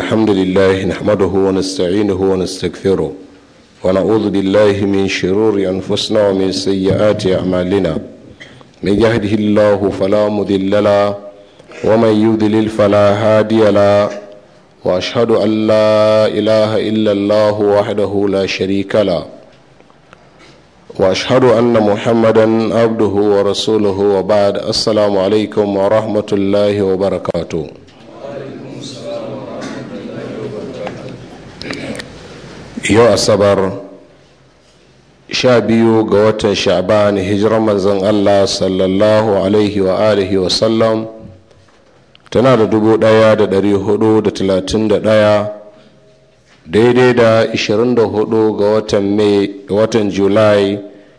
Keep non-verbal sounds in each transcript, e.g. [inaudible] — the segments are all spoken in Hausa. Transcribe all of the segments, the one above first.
الحمد لله نحمده ونستعينه ونستغفره ونعوذ بالله من شرور أنفسنا ومن سيئات أعمالنا من يهده الله فلا مضل له ومن يضلل فلا هادي له وأشهد أن لا إله إلا الله وحده لا شريك له واشهد ان محمدا عبده ورسوله وبعد السلام عليكم ورحمه الله وبركاته yau asabar sha biyu ga watan sha'ban hijiran manzon allah sallallahu alaihi wa alihi wa sallam tana da dubu daya da dari hudu da talatin da daya daidai da ishirin da hudu ga watan mai watan julai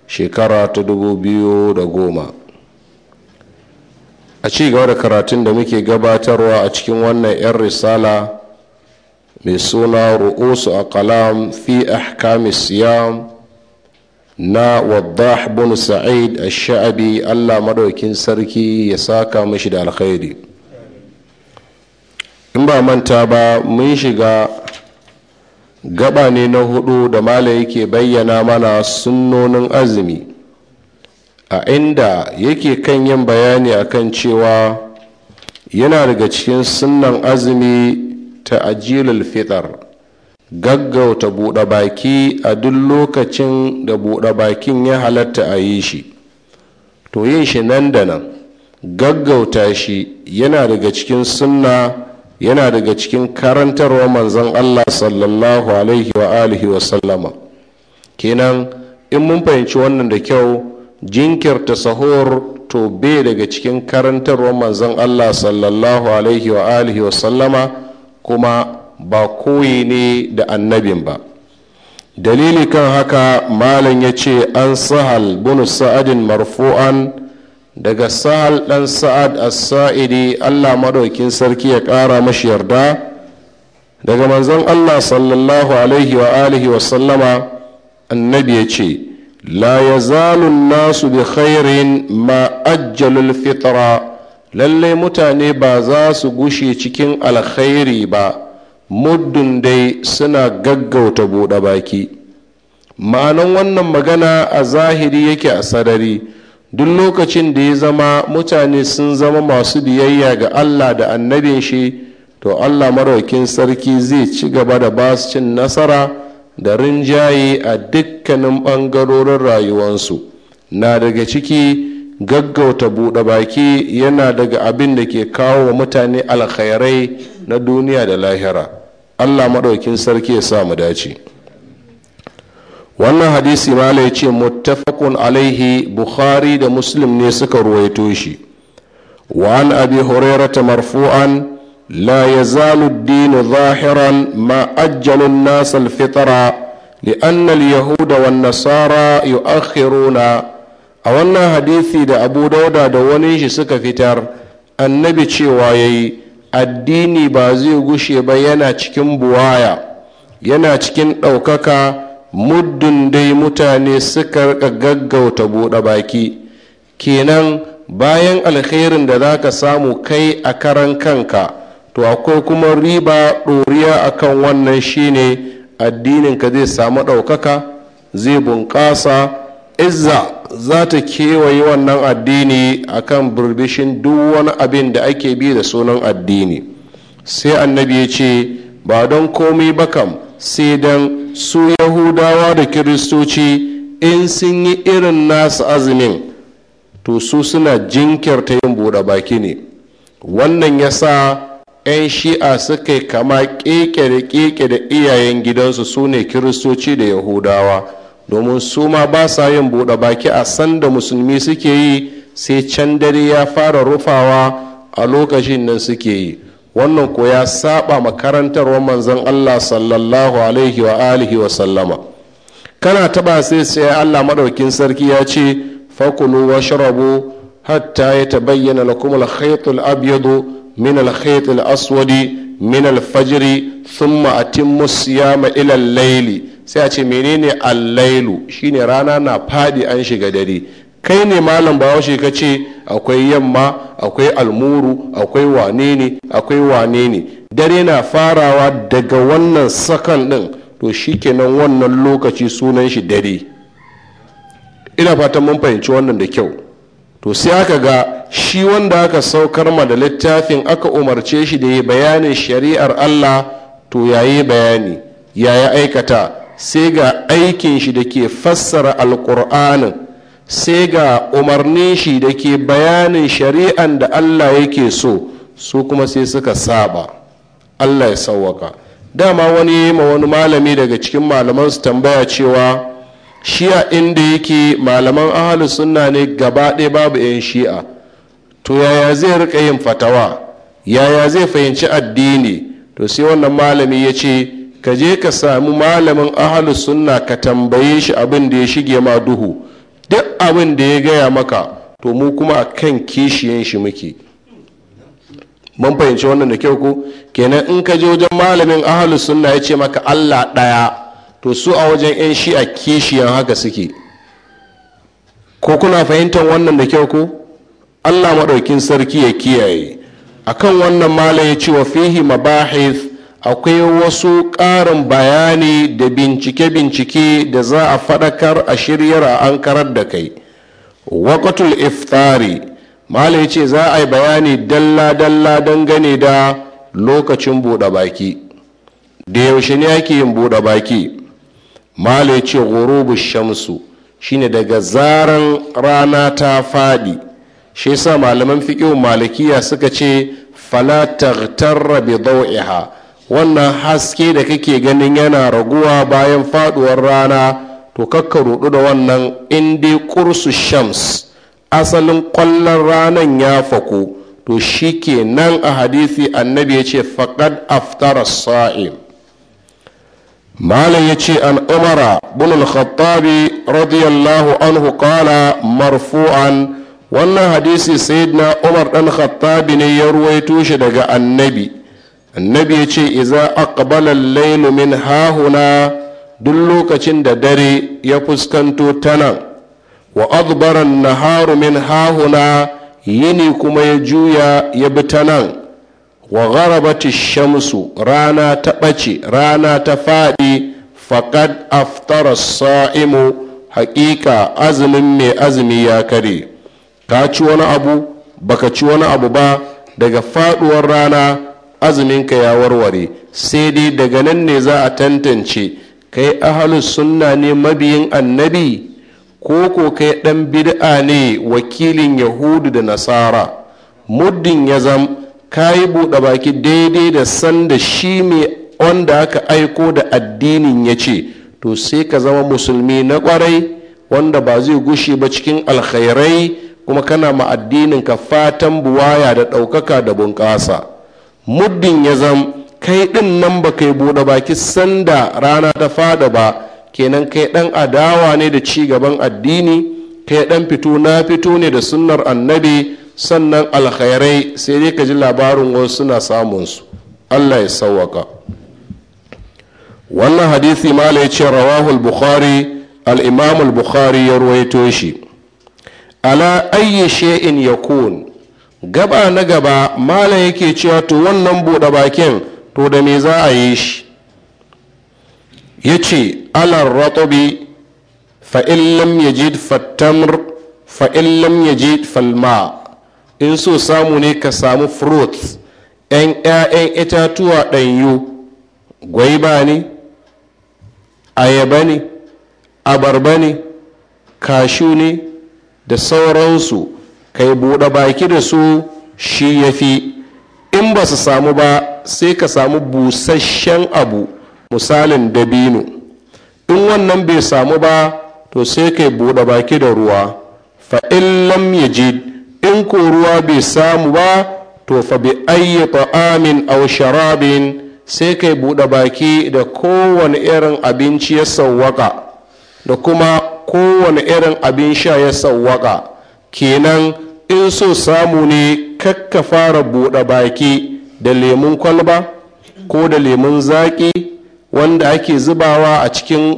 shekara ta dubu biyu da goma a ci gaba da karatun da muke gabatarwa a cikin wannan 'yan risala mai suna ru'usu a kalam fi ahkami siyam na waddah bin sa'id a sha'abi allah madaukin sarki ya saka mashi da alkhairi in ba manta ba mun shiga gaba ne na hudu da mala yake bayyana mana sunnonin azumi a inda yake kan yin bayani akan cewa yana daga cikin sunnan azumi ta'ajilul fitar gaggauta buɗe baki a duk lokacin da buɗe bakin ya halatta a yi shi to yin shi nan da nan gaggauta shi yana daga cikin sunna yana daga cikin karantarwa manzon Allah sallallahu alaihi wa alihi wa sallama kenan in mun fahimci wannan da kyau jinkirta sahur to bai daga cikin karantarwa manzon Allah sallallahu alaihi wa alihi wa sallama kuma ba koyi ne da annabin ba dalili kan haka malam ya ce an sahal bunu sa'adin marfu'an daga sahal dan sa'ad as-sa'idi allah maɗaukin sarki ya ƙara mashi yarda daga manzon allah sallallahu alaihi wa alihi wa sallama annabi ya ce la ya nasu bi khairin ma ajjalul fitra Lallai mutane ba za su gushe cikin alkhairi ba muddin dai suna gaggauta buɗe baki ma'anan wannan magana a zahiri yake a sarari duk lokacin da ya zama mutane sun zama masu biyayya ga allah da annabin shi to allah maraukin sarki zai ci gaba da basu cin nasara da rinjaye a dukkanin ɓangarorin rayuwansu na daga ciki gaggauta buɗe baki yana daga abin da ke kawo wa mutane alkhairai na duniya da lahira allah maɗaukin sarki ya sa mu dace wannan hadisi mala ya ce muttafaqun alaihi bukhari da muslim ne suka ruwaito shi wa an abi hurairata marfu'an la yazalu ad-din zahiran ma ajjalu an-nas al-fitra لأن اليهود والنصارى يؤخرون a wannan hadisi da abu dauda da wani shi suka fitar annabi cewa ya yi addini ba zai gushe ba yana cikin buwaya yana cikin ɗaukaka muddin dai mutane suka rika gaggauta buɗe baki kenan bayan alherin da za ka samu kai a karan kanka to akwai kuma riba ɗoriya akan wannan shine ka zai samu ɗaukaka zai bunƙasa izza za ta kewaye wannan addini akan burbishin duk wani abin da ake bi da sunan addini sai annabi ya ce ba don komai ba kam sai don su yahudawa da kiristoci in sun yi irin nasu azumin to su suna jinkirta yin buɗe baki ne wannan ya sa 'yan shi'a suka yi kama ƙeƙe da ƙeƙe da iyayen gidansu su ne kiristoci da yahudawa domin su ma ba sa yin buɗe baki a sanda musulmi suke yi sai can dare ya fara rufawa a lokacin nan suke yi wannan ko ya saba makarantarwar manzon Allah sallallahu alaihi wa alihi wa sallama kana taba sai sai Allah madaukin sarki ya ce fakulu sharabu hatta ya lakum al-khayt al-abyad min al aswadi min al-fajr thumma atimmu siyama ila al sai a ce menene allailu shine rana na fadi an shiga dare kai ne malam bahaushe ka ce akwai yamma akwai almuru akwai wane ne akwai wane ne dare na farawa daga wannan sakan din to shikenan wannan lokaci sunan shi dare ina fatan mun fahimci wannan da kyau to sai aka ga shi wanda aka saukar ma da littafin aka umarce shi da ya bayanin shari'ar allah to yayi bayani yaya aikata sai ga aikin shi da ke fassara alƙur'anin sai ga umarnin shi da ke bayanin shari'an da allah yake so su kuma sai suka saba allah ya sauwaka dama wani ma wani malami daga cikin malaman su tambaya cewa shi'a inda yake malaman ahalus sunna ne gaba ɗaya babu 'yan shi'a to yaya zai rika yin fatawa yaya zai fahimci addini to sai wannan malami ya ce ka je ka samu malamin ahalu sunna ka tambaye shi abin da ya shige ma duhu duk abin da ya gaya maka to mu kuma a kan kishiyan shi muke mun fahimci wannan da kyau ko kenan in ka je wajen malamin ahalu sunna ya ce maka allah ɗaya to su a wajen 'yan shi a kishiyan haka suke ko kuna fahimtar wannan da kyau ko allah maɗaukin sarki ya kiyaye akan wannan malam ya ce wa fihi mabahith akwai wasu ƙarin bayani da bincike-bincike da za a faɗakar a shiryar a an karar da kai wakatul iftari Malam ce za a yi bayani dalla-dalla dangane da lokacin buɗe baki da yaushe ne ake yin buɗe baki Malam ya ce gurubu shamsu shine daga zaran rana ta faɗi shi yasa malaman fiƙin malakiya suka ce fala taghtarra bi daw'iha wannan haske da kake ganin yana raguwa bayan faduwar rana to kakka rudu da wannan indi kursu shams asalin kwallon ranar ya faku to shi ke nan a hadisi annabi ya ce faƙad aftara sa'im malam ya ce an umara bunul khattabi radiyallahu anhu kala marfu'an wannan hadisi sayyidina umar dan khattabi ne ya ruwaito shi daga annabi annabi ya ce iza aqbala al min hahuna duk lokacin da dare ya fuskanto ta nan wa adbara naharu min hahuna yini kuma ya juya ya bi ta nan wa gharabati shamsu rana ta ɓace rana ta faɗi faƙad aftara sa'imu haƙiƙa azumin mai azumi ya kare ka ci wani abu baka ci wani abu ba daga faɗuwar rana azuminka ya warware sai dai daga nan ne za a tantance kai ahalus sunna ne mabiyin annabi ko ko kai ɗan bid'a ne wakilin yahudu da nasara muddin ya zam ka yi buɗe baki daidai da sanda shi mai wanda aka aiko da addinin ya ce to sai ka zama musulmi na ƙwarai wanda ba zai gushe ba cikin alkhairai kuma kana ma addinin ka fatan buwaya da ɗaukaka da bunƙasa muddin ya zam kai ɗin nan ba kai buɗe baki sanda rana ta fada ba kenan kai ɗan adawa ne da ci gaban addini kai ɗan fito na fito ne da sunnar annabi sannan alkhairai sai dai ka ji labarin wasu suna su allah ya sawaka wannan hadisi mala ya ce rawahu bukhari al-imam al-bukhari ya ruwaito shi ala ayyi shay'in yakun gaba na gaba malam yake cewa to wannan buɗe bakin to da me za a yi shi ya ce alar ratobi fa'in lam yajid fattamr fa'in lam yajid falma in so samu ne ka samu fruits ‘yan ‘ya'yan itatuwa ɗanyu gwaiba ne ayaba ne abarba ne kashu ne da sauransu kai buɗe baki da su shi ya fi in ba su samu ba sai ka samu busasshen abu misalin dabino in wannan bai samu ba to sai kai buɗe baki da ruwa fa in lam yajid in ko ruwa bai samu ba to fa bi ayyi ta'amin aw sharabin sai kai buɗe baki da kowane irin abinci ya sawwaka da kuma kowane irin abin sha ya sawwaka kenan in so samu ne kakka fara buɗe baki da lemun kwalba ko da lemun zaƙi wanda ake zubawa a cikin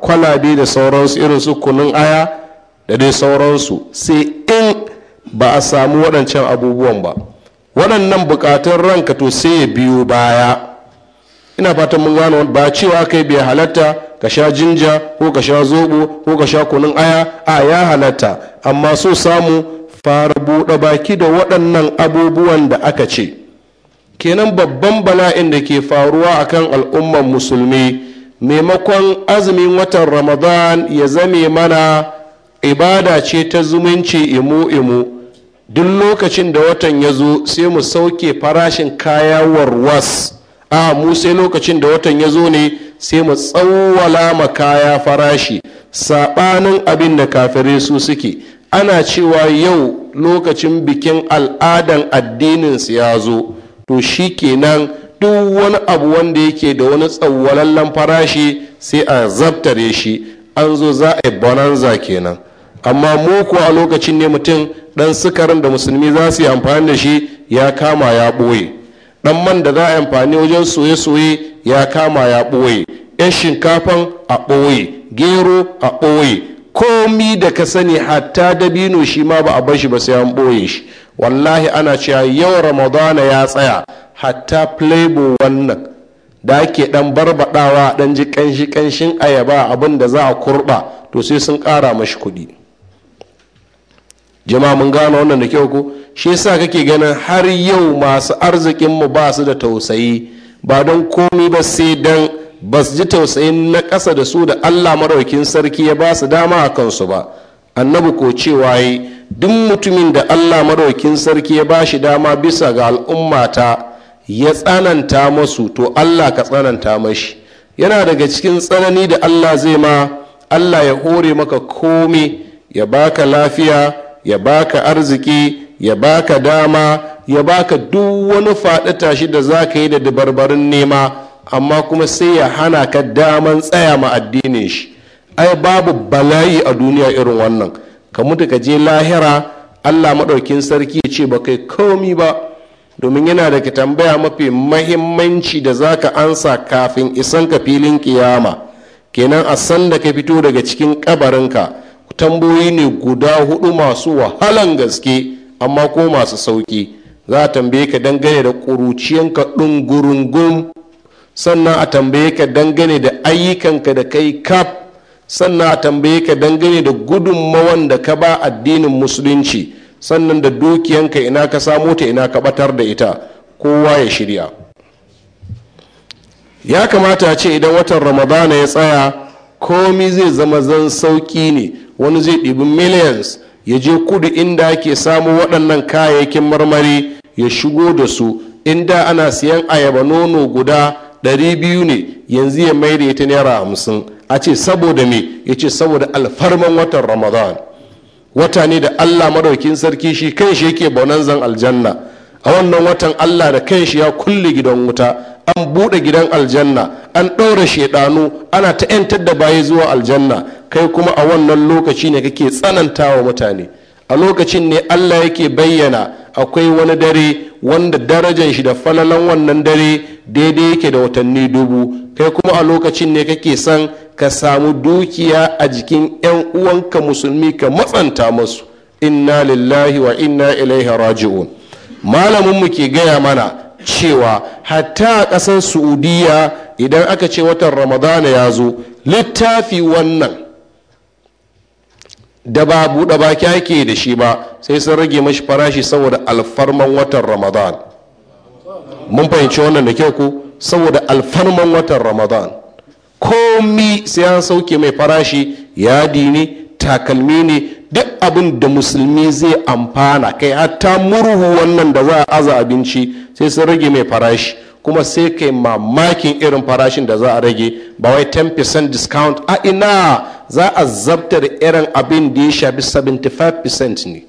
kwalabe da sauransu irin su kunun aya da dai sauransu sai in ba a samu waɗancan abubuwan ba waɗannan buƙatun ranka to sai ya biyo baya ina fatan mun gano ba cewa kai bai halatta ka sha jinja ko ka sha zobo ko ka sha kunun aya a ya halatta amma so samu fara buɗe baki da waɗannan abubuwan da aka ce kenan babban bala'in da ke faruwa a kan al'ummar musulmi maimakon azumin watan ramadan ya zame mana ibada ce ta zumunci imu-imu duk lokacin da watan ya zo sai mu sauke farashin kaya warwas a mu sai lokacin da watan ya zo ne sai mu tsawwala ma kaya farashi saɓanin abin da kafirai su suke ana cewa yau lokacin bikin al'adan addininsu ya zo to shi kenan duk wani abu wanda yake da wani tsawwalallen farashi sai a zabtare shi an zo za a yi bonanza kenan amma mu kuwa a lokacin ne mutum ɗan sukarin da musulmi za su yi amfani da shi ya kama ya ɓoye ɗan man da za a yi amfani wajen soye-soye ya kama ya ɓoye yan shinkafan a ɓoye gero a ɓoye komi da ka sani hatta dabino shi ma ba a bar shi ba sai an ɓoye shi wallahi ana cewa yau ramadana ya tsaya hatta playbo wannan da ake dan barbaɗawa dan ji kanshi kanshin ayaba abin da za a kurɓa to sai sun ƙara mashi kuɗi jama'a mun gano wannan da kyau ko shi yasa kake ganin har yau masu arzikin mu ba su da tausayi ba don komi ba sai don ba su ji tausayin na ƙasa da su da allah maraukin sarki ya ba su dama a kansu ba annabi ko cewa yi duk mutumin da allah maraukin sarki ya ba shi dama bisa ga al'ummata ya tsananta masu to allah ka tsananta mashi yana daga cikin tsanani da allah zai ma allah ya hore maka komi ya baka lafiya ya baka arziki ya baka dama ya baka duk wani faɗi tashi da za ka yi da dabarbarin nema amma kuma sai ya hana ka daman tsaya ma addinin shi ai babu bala'i a duniya irin wannan ka mutu ka je lahira allah maɗaukin sarki ya ce ba kai komi ba domin yana da ka tambaya mafi mahimmanci da za ka ansa kafin isan ka filin kiyama kenan a san da ka fito daga cikin kabarinka tambayoyi ne guda hudu masu wahalan gaske amma ko masu sauki za a tambaye ka dangane da ƙuruciyanka gurungun sannan a tambaye ka dangane da ayyukanka da kai kaf sannan a tambaye ka dangane da gudunmawan da ka ba addinin musulunci sannan da dukiyanka ina ka samo ta ina ka batar da ita kowa ya shirya ya kamata ce idan watan ramadana ya tsaya komi zai zama zan sauki ne wani zai ɗibi millions ya je kudu inda ake samu waɗannan kayayyakin marmari ya shigo da su in da ana siyan ayaba nono guda ɗari biyu ne yanzu ya mai da ita naira hamsin a ce saboda me ya ce saboda alfarman watan ramadan wata ne da allah madaukin sarki shi kan shi yake zan aljanna a wannan watan allah da kan shi ya kulle gidan wuta an buɗe gidan aljanna an ɗaura shaidanu ana ta 'yantar da baya zuwa aljanna kai kuma a wannan lokaci ne kake tsananta wa mutane a lokacin ne allah yake bayyana akwai wani dare wanda darajan shi da falalan wannan dare daidai yake da watanni dubu kai kuma a lokacin ne kake son ka samu dukiya a jikin 'yan uwanka musulmi ka matsanta masu inna lillahi wa inna ilaihi raji'un malaminmu ke gaya mana cewa hatta a ƙasar su'udiya idan aka ce watan ramadana ya zo littafi wannan da ba buɗe ba ake da shi ba sai sun rage mashi farashi saboda alfarman watan ramadan mun fahimci wannan da kyau ko saboda alfarman watan ramadan komi sai an sauke mai farashi yadi ne takalmi ne duk abin da musulmi zai amfana kai hatta murhu wannan da za a aza abinci sai sun rage mai farashi kuma sai kai mamakin irin farashin da za a rage ba wai 10% discount a ina za a zabtar irin abin da ya shafi 75% ne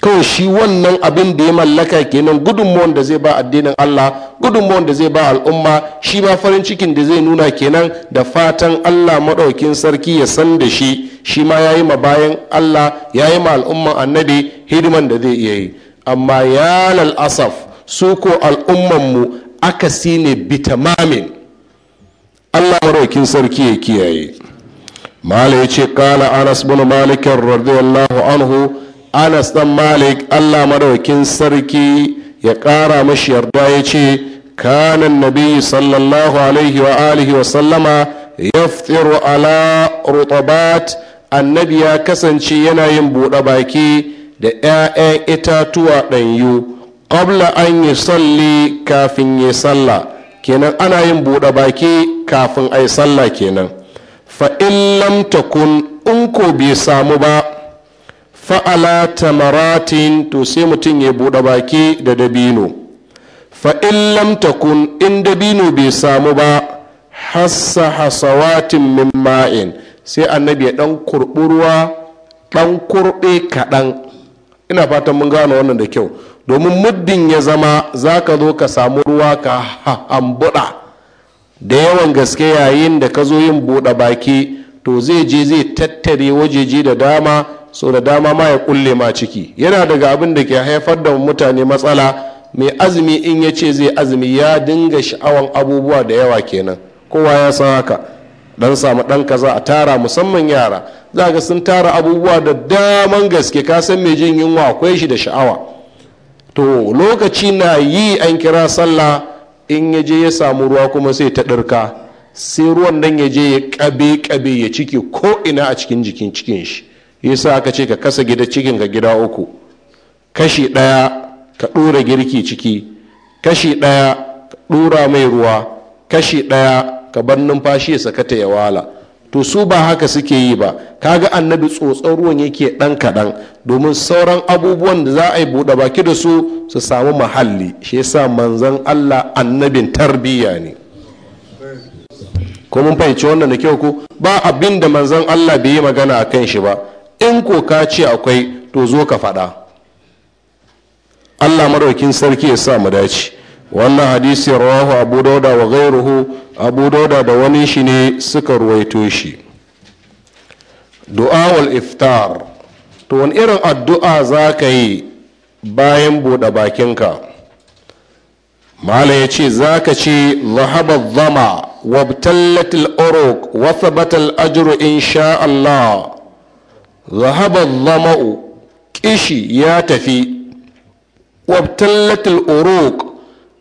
kawai shi wannan abin da ya mallaka kenan gudunmuwan da zai ba addinin Allah gudunmuwan da zai ba al'umma shi ma farin cikin da zai nuna kenan da fatan Allah maɗaukin sarki ya san da shi shi ma ya yi ma bayan Allah ya yi ma al'umman annabi hidiman da zai iya yi amma ya lal'asaf asaf su ko al'ummanmu aka ne bitamamin allah maraukin sarki ya kiyaye Malik ce kala anas bin malikin radiyallahu anhu anas dan malik allah maraukin sarki ya kara mashi yarda ya ce kanan nabi sallallahu alaihi wa alihi wa sallama yaftiru ala rutabat annabi ya kasance yana yin buɗe baki da 'ya'yan itatuwa ɗanyu qabla an yi salli kafin yi sallah kenan ana yin buɗe baki kafin a yi sallah kenan fa in lam takun in ko bai samu ba fa'ala tamaratin to sai mutum ya buɗe baki da dabino fa in lam takun in dabino bai samu ba hassa hasawatin min ma'in sai annabi ya ɗan kurɓi ɗan kurɓe kaɗan ina fatan mun gano wannan da kyau domin muddin ya zama za ka zo ka samu ruwa ka hambuɗa da yawan gaske yayin da ka zo yin buɗe baki to zai je zai tattare wajeje da dama so da dama ma ya kulle ma ciki yana daga abin da ke haifar da mutane matsala mai azumi in ya ce zai azumi ya dinga sha'awan abubuwa da yawa kenan kowa ya san haka dan samu dan kaza a tara musamman yara za ga sun tara abubuwa da daman gaske ka san mai jin yunwa akwai shi da sha'awa to lokaci na yi an kira sallah in ya je ya samu ruwa kuma sai ta ɗirka sai ruwan nan ya je ya ƙabe ƙabe ya ciki ko ina a cikin jikin cikin shi yasa aka ce ka kasa gida cikin ka gida uku kashi ɗaya ka ɗora girki ciki kashi ɗaya ka ɗora mai ruwa kashi ɗaya ka bar numfashi ya sakata ya wala to su ba haka suke yi ba kaga annabi tsotsar ruwan yake ɗan kaɗan domin sauran abubuwan da za a yi buɗe baki da su su samu mahalli shi yasa manzon allah annabin tarbiyya ne ko mun fahimci wannan da kyau ko ba abin da manzon allah bai yi magana a kan shi ba in ko ka ce akwai to zo ka faɗa allah maraukin sarki ya sa mu dace wannan hadisi rawahu abu dauda wa gairuhu abu dauda da wani shi ne suka ruwaito shi wal iftar to wani irin addu'a za ka yi bayan buɗe bakinka mala ya ce za ka ce lahaba zama وابتلت الأرق وثبت الأجر allah Zahabar zama'u kishi ya tafi. Wa وابتلت الأروق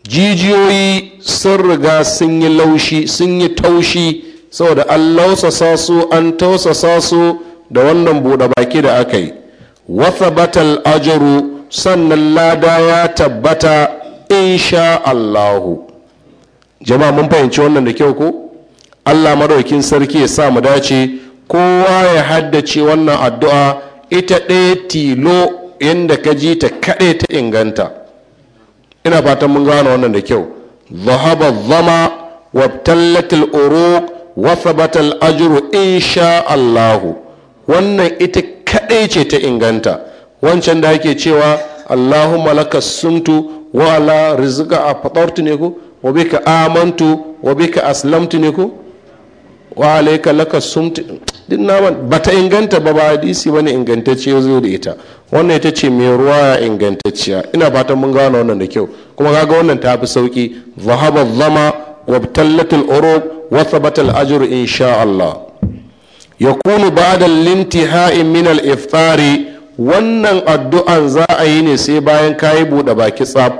jijiyoyi sun riga sun yi laushi sun yi taushi saboda an lausasa su an tausasa su da wannan buɗe baki da aka yi batal ajaru sannan lada ya tabbata insha allahu jama'a mun fahimci wannan da kyau ko allah madaukin sarki ya sa mu dace kowa ya haddace wannan addu'a ita ɗaya tilo yadda ka ji ta kaɗai ta inganta ina fatan mun gano wannan da kyau zahaba zama wa tallatil uruq wa thabata al ajru insha Allah wannan ita kadai ce ta inganta wancan da ake cewa Allahumma lakas suntu wa ala rizqa a ne ku wa bika amantu wa bika aslamtu ne ku wa alaika laka sumti din naman bata inganta ba ba hadisi bane ingantacce ya zo da ita wannan ita ce mai ruwa ya ingantacciya ina fatan mun gano wannan da kyau kuma kaga wannan ta fi sauki zahaba zama wa tallatul urub wa thabatal ajr insha Allah yakunu ba'da al-intihai min al-iftari wannan addu'an za a yi ne sai bayan kayi bude baki tsaf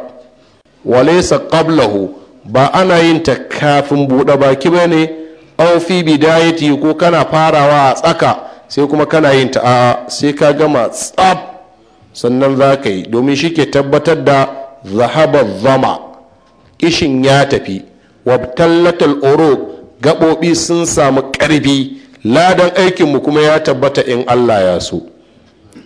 walaysa qablahu ba ana yin ta kafin bude baki bane Aufi fi bidayati ko kana farawa a tsaka sai kuma kana yin ta sai ka gama tsab sannan za ka yi domin shi ke tabbatar da zahaba zama ishin ya tafi wabtallatal oro gaɓoɓi sun samu ƙarfi ladan aikinmu kuma ya tabbata in allah ya so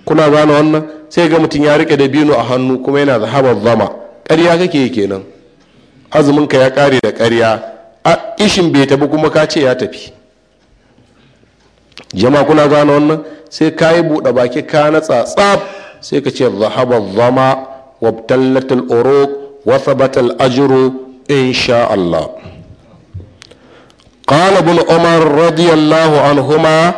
kuna gane wannan sai ga mutum ya rike da bino a hannu kuma yana zahabar zama ƙarya kake kenan azuminka ya ƙare da ƙarya a ishin bai tafi kuma ka ce ya tafi Jama kuna gane wannan sai ka yi buɗe baki ka na tsatsaf, sai ka ce zahaba zama wabtallatul oro wa ajiro in sha Allah قال Umar radiyallahu رضي الله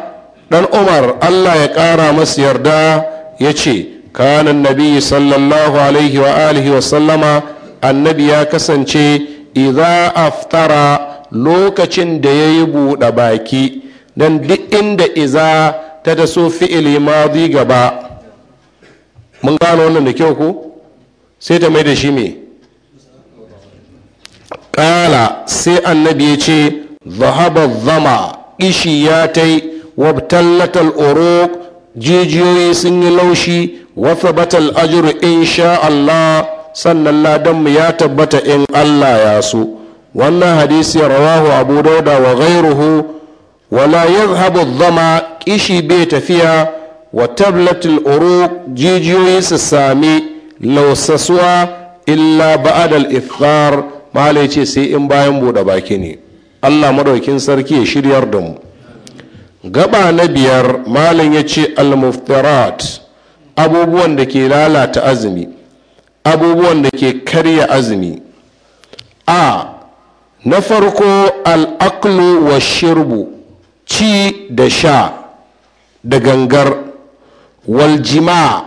dan umar allah ya ƙara masu yarda ya ce kanan nabi sallallahu alaihi wa alihi wa sallama annabi ya kasance idza aftara lokacin da ya yi buɗe baki don duk inda iza ta taso fi'ili madi gaba mun gano wannan da kyau ko sai ta mai da shi me ƙala sai annabi ya ce zahaba zama ishi ya ta yi wabtallatal oro jijiyoyi sun yi laushi wata batal ajiru insha Allah sannan ladanmu ya tabbata in allah ya so wannan hadisi rawahu abu dauda wa ghairuhu wala yadhhabu zama kishi bai tafiya wa tablatin uruq jijiyoyi su sami lausasuwa illa ba'adal iftar malai ce sai in bayan buɗe baki ne allah maɗaukin sarki ya shiryar da mu gaba na biyar malam ya ce almuftarat abubuwan da ke lalata azumi abubuwan da ke karya azumi a na farko al'aklu wa shirbu ci da sha da gangar waljima'a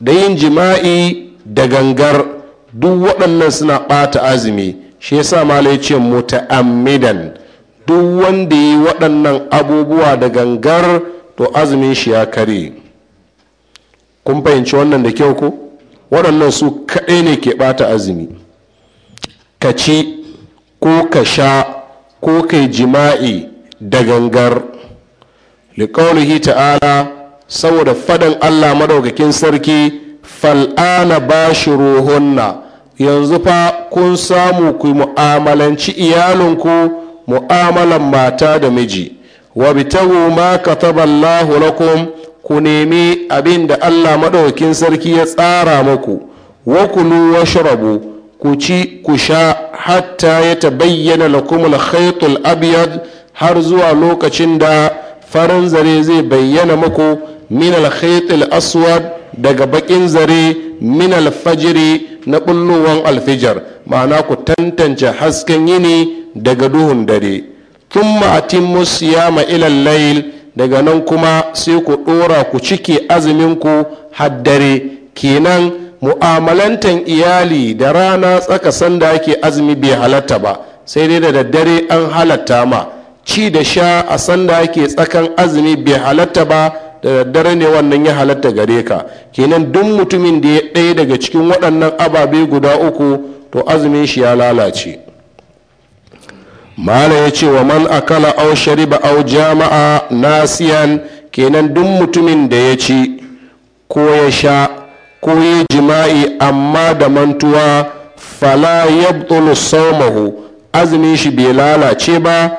da yin jima'i da gangar duk waɗannan suna ɓata azumi shi yasa malai ce muta'ammidan duk wanda yi waɗannan abubuwa da gangar to azumin shi ya kare kun fahimci wannan da kyau ko? waɗannan su kaɗai ne ke ɓata azumi ka ci ko ka sha ko kai jima'i da gangar liƙaunuhi ta'ala saboda fadan allah maɗaukakin sarki fal'ana ba shi ruhunna yanzu fa kun samu ku mu'amalanci iyalinku mu'amalan mata da miji wa ta ma ka taɓa lakum ku nemi abin da allah maɗaukin sarki ya tsara maku wakulu shurabu ku ci ku sha hatta ya tabayyana lakum al-khaytul abyad har zuwa lokacin da farin zare zai bayyana muku min al-khaytul aswad daga bakin zare min al na bullowan alfijar ma'ana ku tantance hasken yini daga duhun dare thumma atimmu siyama ila al-layl daga nan kuma sai ku ɗora ku cike azuminku haddare kenan mu'amalantan iyali da rana tsaka sanda ake azumi bai halatta ba sai dai da daddare an halatta ma ci da sha a sanda ake tsakan azumi bai halatta ba da daddare ne wannan ya halatta gare ka kenan duk mutumin da ya ɗaya daga cikin waɗannan ababe guda uku to azumin shi ya lalace mala ya ce wa man akala au shariba au jama'a nasiyan kenan duk mutumin da ya ci ko ya sha ko ya jima'i amma da mantuwa fala yabtulu saumahu azumin shi bai lalace ba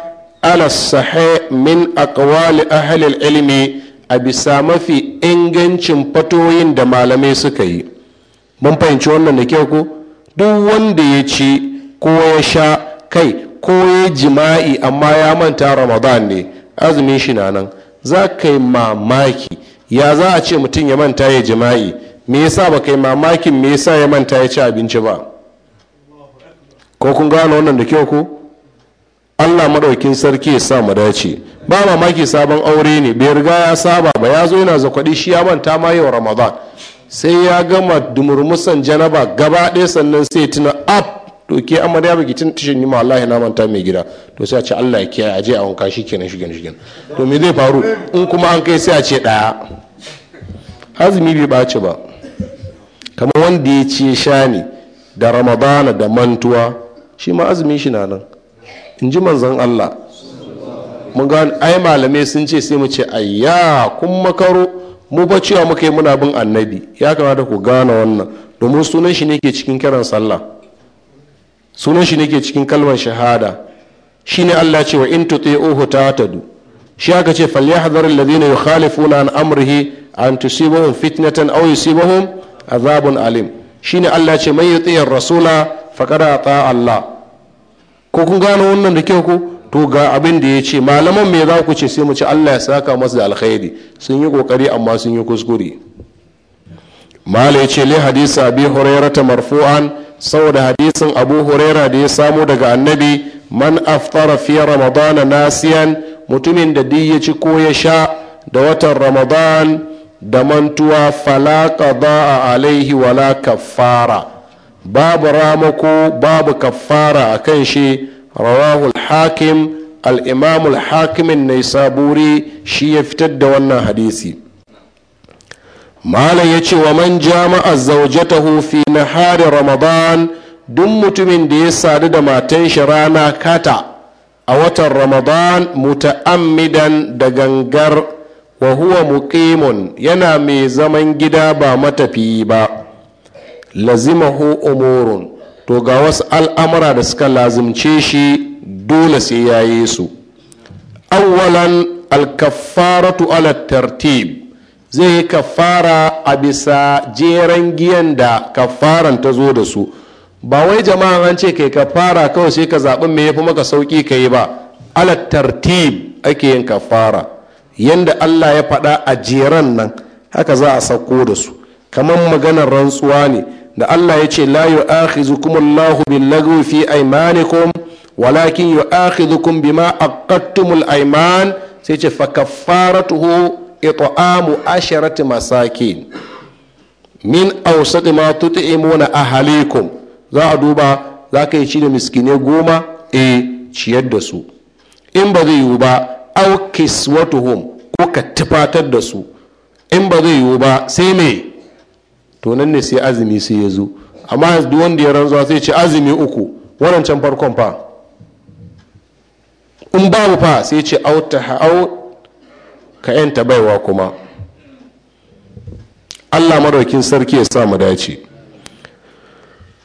ala sahe min aqwali ahalil ilimi a bisa mafi ingancin fatoyin da malamai suka yi mun fahimci wannan da kyau ko duk wanda ya ci ko ya sha kai ko ya jima'i amma ya manta ramadan ne azumin shi na nan za ka yi mamaki ya za a ce mutum ya manta ya jima'i me yasa ba kai mamakin me yasa ya manta ya ci abinci ba ko kun gano wannan da kyau ko allah maɗaukin sarki ya sa mu dace ba mamaki sabon aure ne bai riga ya saba ba ya zo yana zakwaɗi shi ya manta ma yau ramadan sai ya gama dumurmusan janaba gaba ɗaya sannan sai tuna up to ke amarya baki tun tashin ni ma wallahi na manta mai gida to sai a ce Allah ya a je a wanka shikenan shikenan shikenan to me zai faru in kuma an kai sai a ce daya azumi bai baci ba kamar wanda ya ce shani da ramadana da mantuwa shi ma azumi shi na nan in ji manzon Allah mun ga ai malamai sun ce sai mu ce ayya kun makaro mu ba cewa muka yi muna bin annabi ya kamata ku gane wannan domin sunan shi ne ke cikin kiran sallah sunan shi nake cikin kalmar shahada Shi ne Allah cewa in ta tadu. shi aka ce falyahdhar alladhina yukhalifuna an amrihi an tusibahum fitnatan aw yusibahum azabun alim Shi ne Allah ce mai yuti'ir rasula faqad ata Allah ko kun gano wannan da kyau ko to ga abin da ya ce malaman me za ku ce sai mu ci Allah ya saka masu da alkhairi sun yi kokari amma sun yi kuskure mala ya ce li hadisi abi hurairata marfu'an saboda hadisin abu huraira da ya samu daga annabi man aftara fi ramadan nasiyan mutumin da duk ya ci ko ya sha da watan ramadan da mantuwa ba a alaihi wala kaffara babu ramako babu kaffara akan shi rawahul hakim al-imam al-hakim an shi ya fitar da wannan hadisi malam ya ce wa man jama'a zaujatahu na nahari ramadan duk mutumin da ya sadu da matan shi rana kata a watan ramadan muta'ammidan da gangar wa huwa muqimun yana mai zaman gida ba matafiyi ba lazimahu umurun to ga wasu al'amura da suka lazimce shi dole sai yaye su awwalan alkaffaratu ala tartib zai yi kafara a bisa jeren giyan da kafaran ta zo da su ba wai jama'a an ce kai kafara kawai sai ka zaɓi mai yafi maka sauƙi ka yi ba ala tartib ake yin kafara Yadda Allah ya faɗa a jeren nan haka za a sauko da su kamar maganar rantsuwa ne da Allah ya ce la yu'akhizukum Allahu bil lagwi fi aymanikum walakin zukun bima aqadtumul ayman sai ce fa kafaratuhu it'amu asharati masakin min awsati ma tut'imuna ahalikum za a duba za ka yi ci da miskine goma e ciyar da su in ba zai yiwu ba aw kiswatuhum ko ka tufatar da su in ba zai yiwu ba sai me to ne sai azumi sai ya zo amma yanzu wanda ya ranzuwa sai ce azumi uku wannan can farkon fa in babu fa sai ce au ka yanta baiwa kuma allah maraukin sarki ya sa mu dace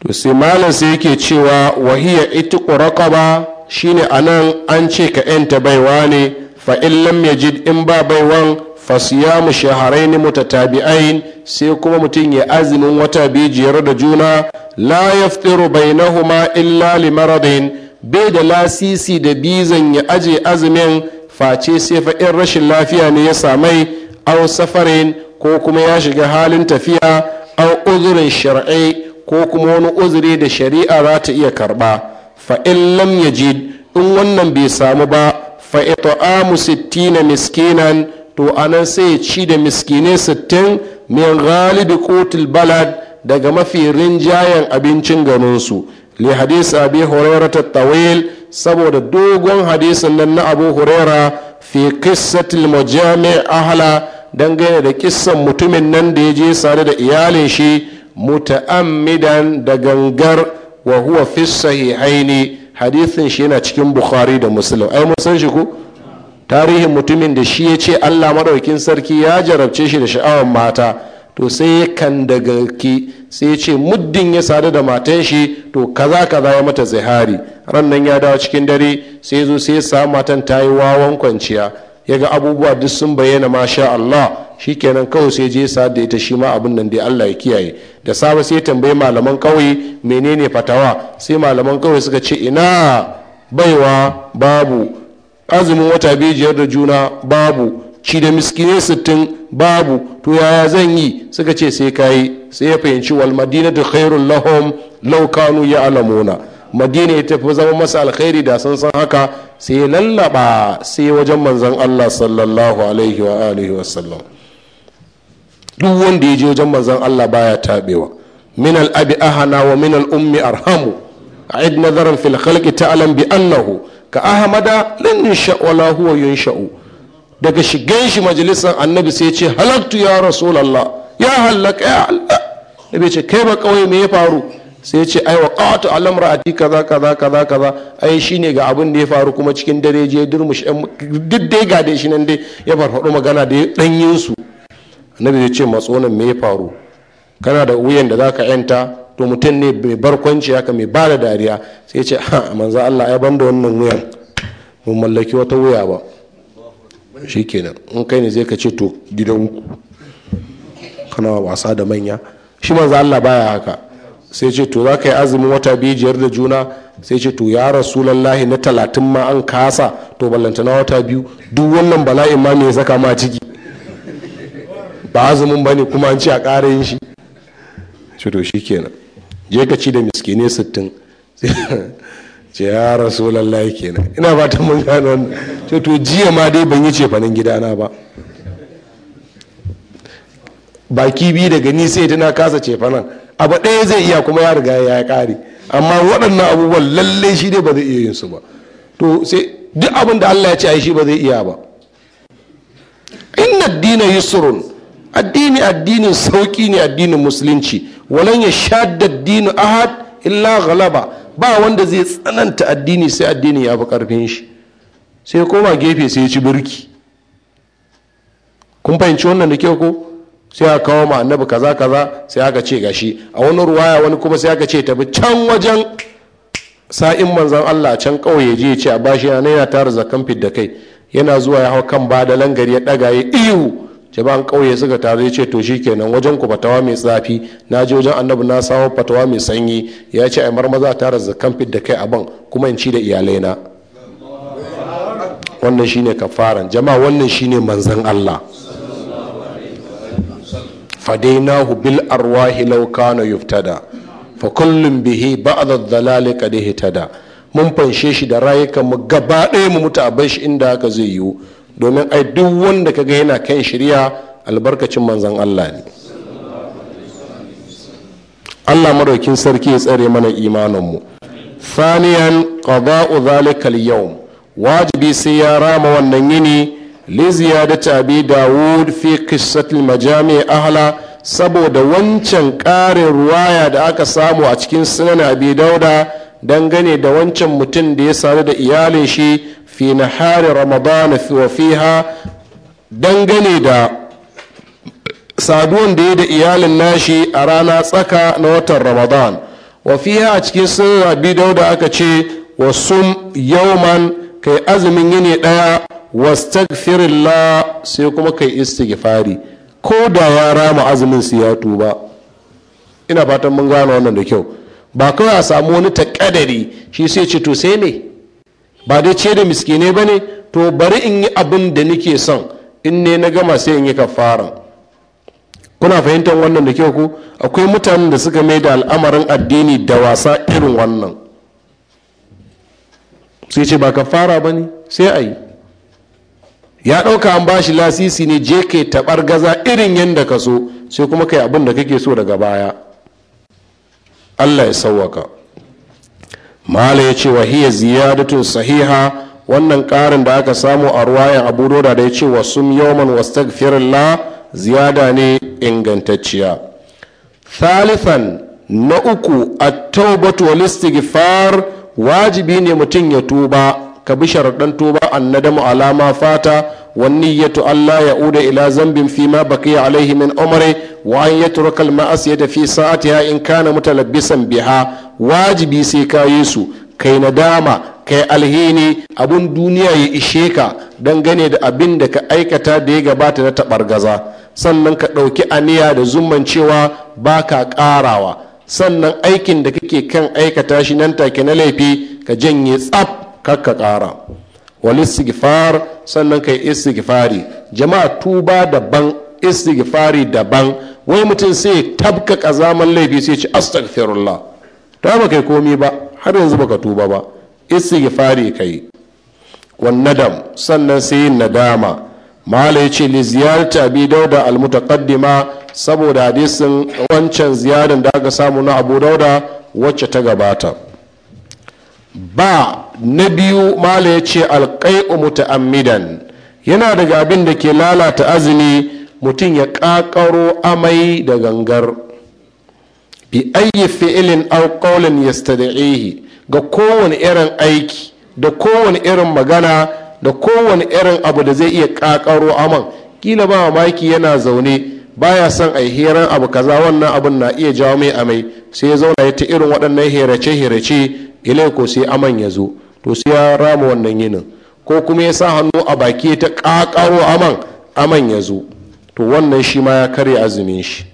to sai malam sai yake cewa wahiya ita raqaba shine anan an ce ka yanta baiwa ne fa in yajid in ba baiwan mu shaharai shaharain mutatabi'ain sai kuma mutum ya azumin wata biyu da juna la yaftiru bainahuma illa limaradin bai da lasisi da bizan ya aje azumin face sai fa in rashin lafiya ne ya samai au safarin ko kuma ya shiga halin tafiya au uzurin shar'i ko kuma wani uzuri da shari'a za ta iya karba fa in lam yajid in wannan bai samu ba fa it'amu sittina miskinan to anan sai ya ci da miskine sittin min ghalibi qutil balad daga mafi rinjayen abincin garinsu li hadisi abi hurairah tawil saboda dogon hadisin nan na abu huraira fi qissatil majami ahla dangane da kissan mutumin nan da ya je sare da iyalin shi muta'ammidan da gangar wa huwa fi sahihaini hadisin shi yana cikin bukhari da muslim ai mun san shi ko tarihin mutumin da shi ya ce allah maɗaukin sarki ya jarabce shi da sha'awar mata to sai ya kan daga ki sai ya ce muddin ya sadu da matan shi to kaza kaza ya mata zihari ran nan ya dawo cikin dare sai zo sai ya samu matan ta yi wawan kwanciya ya ga abubuwa duk sun bayyana masha Allah shi kenan kawai sai je sa da ita shi ma abin nan dai, Allah ya kiyaye da sabu sai tambayi malaman kauye menene fatawa sai malaman kauye suka ce ina baiwa babu azumin wata biyar da juna babu shi da miskinai sittin babu to yaya zan yi suka ce sai kayi yi sai ya fahimci wal da khairun lahom laukanu kanu ya'lamuna madina ya tafi zama masa alkhairi da san san haka sai lallaba sai wajen manzan Allah sallallahu alaihi wa alihi wa sallam duk wanda ya je wajen manzan Allah baya tabewa min al abi ahana wa min al ummi arhamu a'id nazaran fil khalqi ta'lam bi annahu ka ahmada lan yunsha wala huwa yunsha'u daga shigan shi majalisar annabi sai ce halaktu ya rasulallah ya halaka ya halaka ce kai ba kawai me ya faru sai ce ai wa qatu alamra ati kaza kaza kaza kaza ai shine ga abin da ya faru kuma cikin dare je durmushi duk dai ga dai shi nan dai ya farfado magana da danyin su annabi ya ce matso me ya faru kana da wuyan da zaka yanta to mutum ne mai barkwanci haka mai ba da dariya sai ce ha manzo Allah ya da wannan wuyan mun mallaki wata wuya ba shi kenan in kai ne zai ka ce to gidanku kana wasa da manya shi manzo Allah baya haka sai ce to za ka yi azumin wata biyar da juna sai ce to ya rasulullahi na talatin ma an kasa to ballantana wata biyu duk wannan bala'in ma me ya saka ma ciki ba azumin ba ne kuma an ce a ƙara yin shi ce to shi kenan je ka ci da miskine 60 ce ya lallai kenan ina fatan mun gano wannan ce to jiya ma dai ban yi cefanen gidana ba baki biyu daga ni sai tana kasa cefanen abu ɗaya zai iya kuma ya riga ya ƙari, amma waɗannan abubuwan lallai shi dai ba zai iya yin su ba to sai duk abin da Allah ya ce yi shi ba zai iya ba inna dina yusrun addini addinin sauki ne addinin musulunci walan ya shadda dinu ahad illa ghalaba ba wanda zai tsananta addini sai addini ya fi ƙarfin shi sai koma gefe sai ya ci birki kun fahimci wannan da kyau ko sai aka kawo ma annabi kaza kaza sai aka ce gashi a wani ruwaya wani kuma sai aka ce tafi can wajen sa'in manzan Allah can ƙauye je ya ce a bashi yana tara zakan fidda kai yana zuwa ya hau kan ba da langari ya ɗaga ya iyu jama'an ƙauye suka taru ya ce to kenan wajen ku fatawa mai tsafi na je wajen annabi na samu fatawa mai sanyi ya ce ai maza ta zakan fit da kai aban kuma in ci da iyalaina wannan shine kafaran jama'a wannan shine manzon Allah fadainahu bil arwahi law kana yuftada fa kullum bihi ba'd ad-dalal qad ihtada mun fanshe shi da rayukan mu gaba ɗaya mu mutu a bar shi inda haka zai yiwu domin ai duk wanda kaga yana kan shirya albarkacin manzan Allah ne Allah maraukin sarki ya tsare mana imaninmu Saniyan qada'u zalika al-yawm wajibi sai ya rama wannan yini li ziyadati abi daud fi qissati al-majami ahla saboda wancan ƙarin ruwaya da aka samu a cikin sunan abi dauda dangane da wancan mutum da ya sadu da iyalin shi fi nahari ramadan wa fiha dangane da saduwan da ya da iyalin nashi a rana tsaka na watan ramadan wa fiha a cikin sirra bidau da aka ce wa sum yauman kai azumin yini daya wastagfirillah sai kuma kai istighfari ko da ya rama azumin su ya tuba ina fatan mun gano wannan da kyau ba kawai a samu wani takadari shi sai ce to sai ne ba dai ce da miskinai ba ne to bari in yi abin da nake son in ne na gama sai in yi kafaran kuna fahimtar wannan da kyau ko akwai mutanen da suka mai da al'amarin addini da wasa irin wannan sai ce ba kafara ba ne sai a yi ya ɗauka an bashi lasisi ne je kai taɓar gaza irin yadda ka so sai kuma kai abin da kake so daga baya allah ya sauwaka mala ya ce wahiyar ziyadatun sahiha wannan karin da aka samu a ruwayan abu doda da ya ce wa sum yawman wastaghfirullah ziyada ne ingantacciya thalithan na uku at-taubatu wal istighfar wajibi ne mutum ya tuba ka bi sharaɗan tuba annadamu alama fata والنية ألا يعود إلى ذنب فيما بقي عليه من عمره وأن يترك المعصية في ساعتها إن كان متلبسا بها واجبي سيكايسو kai nadama kai alhini abun duniya ya ishe ka dangane da abin da ka aikata da ya gabata na taɓargaza sannan ka ɗauki aniya da zumman cewa ba ka ƙarawa sannan aikin da kake kan aikata shi nan take na laifi ka janye tsaf kar ka ƙara walistigifar sigifar sannan kai istigifari jama'a tuba daban istigifari daban wai mutum sai tabka kazaman laifi sai ci astagfirullah ta ba kai komi ba har yanzu baka tuba ba istigifari kai wan nadam sannan sai yin nadama mala ya ce li ziyarta bi dauda almutaqaddima saboda hadisin wancan ziyarar da aka samu na abu dauda wacce ta gabata ba na biyu mala ya ce alƙai'u muta'ammidan yana daga abin da ke lalata azumi mutum ya ƙaƙaro amai da gangar bi ayi fi'ilin alƙaulin ya ga kowane irin aiki da kowane irin magana da kowane irin abu da zai iya ƙaƙaro aman kila ba maki yana zaune baya son a hiran abu kaza wannan abun na iya jawo mai amai sai ya zauna ya ta irin waɗannan hirace-hirace ilai ko sai aman ya zo to sai ya rama wannan yinin ko kuma ya sa hannu a baki ta kakaro aman aman ya zo to wannan shi ma ya karya azumin shi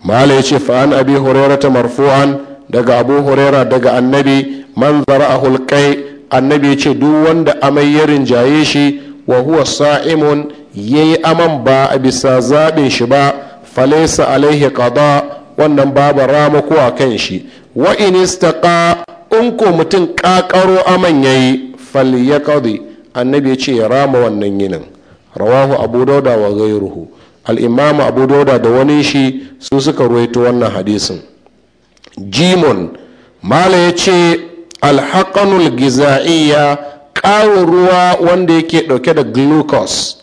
mala ya ce fa'an abi hurera ta marfu'an daga abu hurera daga annabi man zara a hulƙai annabi ya ce duk wanda amai ya rinjaye shi wa huwa sa'imun ya yi aman ba a bisa zaɓin shi ba falaisa alaihi qada wannan babu ramako a kan shi wa in istaqa in ko mutum ƙaƙaro aman ya yi falyakadi annabi ya ce ya rama wannan yinin rawahu abu dauda wa gairuhu al'imamu abu dauda da wani shi su suka ruwaito wannan hadisin jimon mala ya ce alhaƙanul giza'iyya ƙarin ruwa wanda yake ɗauke da glucose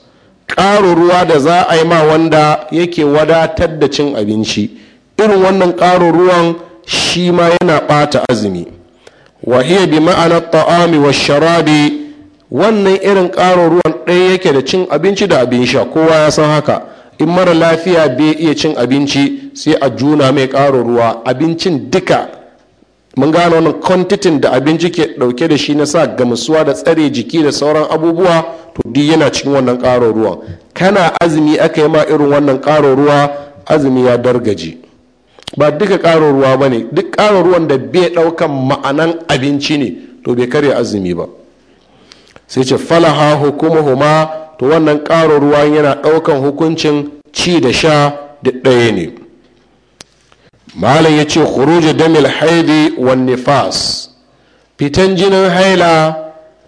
ƙarin ruwa da za a yi ma wanda yake wadatar da cin abinci irin wannan ƙarin ruwan shi ma yana ɓata azumi wa hiya bi ma'ana ta'ami wa sharabi wannan irin ƙarin ruwan ɗaya yake da cin abinci da abin sha kowa ya san haka in mara lafiya bai iya cin abinci sai a juna mai ƙarin ruwa abincin duka mun gane wannan kwantitin da abinci ke ɗauke da shi na sa gamsuwa da tsare jiki da sauran abubuwa to duk yana cikin wannan ƙararruwan, ruwan kana azumi aka yi ma irin wannan ƙarin ruwa azumi ya dargaji. ba duka ƙararruwa ruwa ba ne duk ƙarin ruwan da bai ɗaukan ma'anan abinci ne to bai karya azumi ba sai ce falaha huma to wannan ƙarin ruwa yana ɗaukan hukuncin ci da sha da ɗaya ne malam ya ce khuruj damil haidi wan nifas fitan jinin haila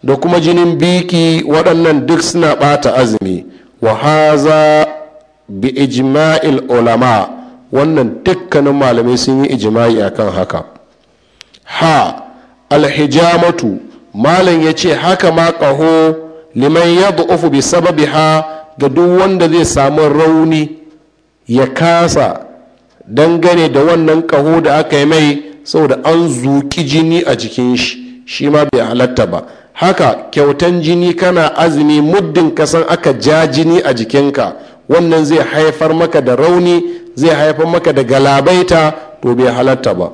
da kuma jinin biki waɗannan duk suna ɓata azumi wa haza bi ijma'il ulama' wannan dukkanin malamai sun yi ijimai a kan haka ha alhijamatu malam ya ce haka ma ƙaho liman ya ufu bi sababi ha ga duk wanda zai samu rauni ya kasa dangane da wannan ƙaho da aka yi mai saboda an zuki jini a jikin shi shi ma bai halatta ba haka kyautan jini kana azumi muddin kasan aka ja jini a jikinka wannan zai haifar maka da rauni zai haifar maka da galabaita to bai halatta ba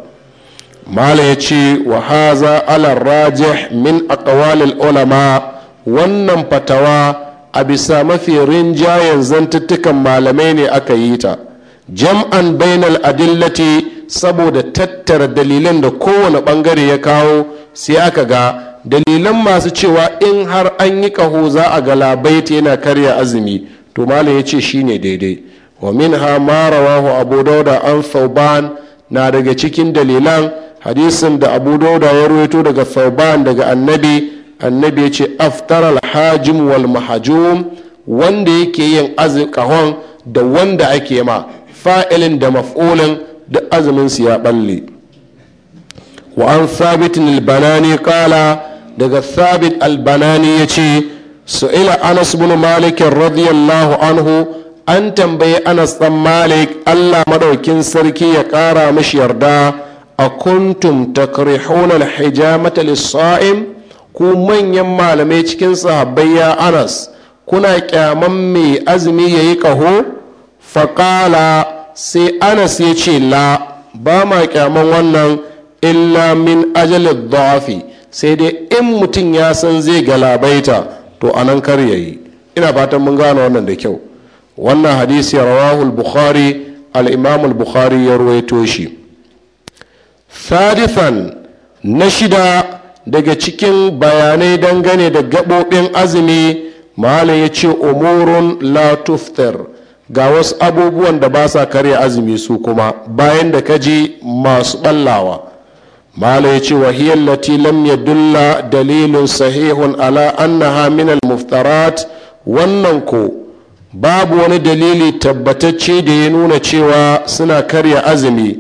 mala ya ce wa haza ala rajih min aqwalil ulama wannan fatawa a bisa mafi rinjayen zantuttukan malamai ne aka yi ta jam'an bainal adillati saboda tattara dalilan da kowane bangare ya kawo sai aka ga dalilan masu cewa in har an yi kaho za a galabaita yana karya azumi to malam ya ce shi ne daidai wa min ha ma rawahu abu dauda an sauban na daga cikin dalilan hadisin da abu dauda ya ruwaito daga sauban daga annabi annabi ya ce aftar alhajim wal mahajum wanda yake yin kahon da wanda ake ma fa'ilin da maf'ulin da azumin su ya balle wa an sabitin albanani kala daga sabit albanani ya ce ila anas bin malik radiyallahu anhu an tambayi anas dan malik allah madaukin sarki ya kara mishi yarda a kuntum takrihuna alhijamata lis-sa'im ku manyan malamai cikin sahabbai ya anas kuna kyaman mai azumi yayi kaho faƙala sai anas ya ce la ba ma kyaman wannan illa min ajalid dafi sai dai in mutum ya san zai galabaita to anan kar yayi ina fatan mun gane wannan da kyau wannan hadisi rawahu al-bukhari al-imam al-bukhari ya ruwaito shi sadisan na shida daga cikin bayanai dangane da gabobin azumi malam ya ce umurun la tuftar ga wasu abubuwan da ba sa karya azumi su kuma bayan da ka ji masu ballawa mala ya ce wahiyar lati lam yadulla dalilin sahihun ala annaha min muftarat wannan ko babu wani dalili tabbatacce da ya nuna cewa suna karya azumi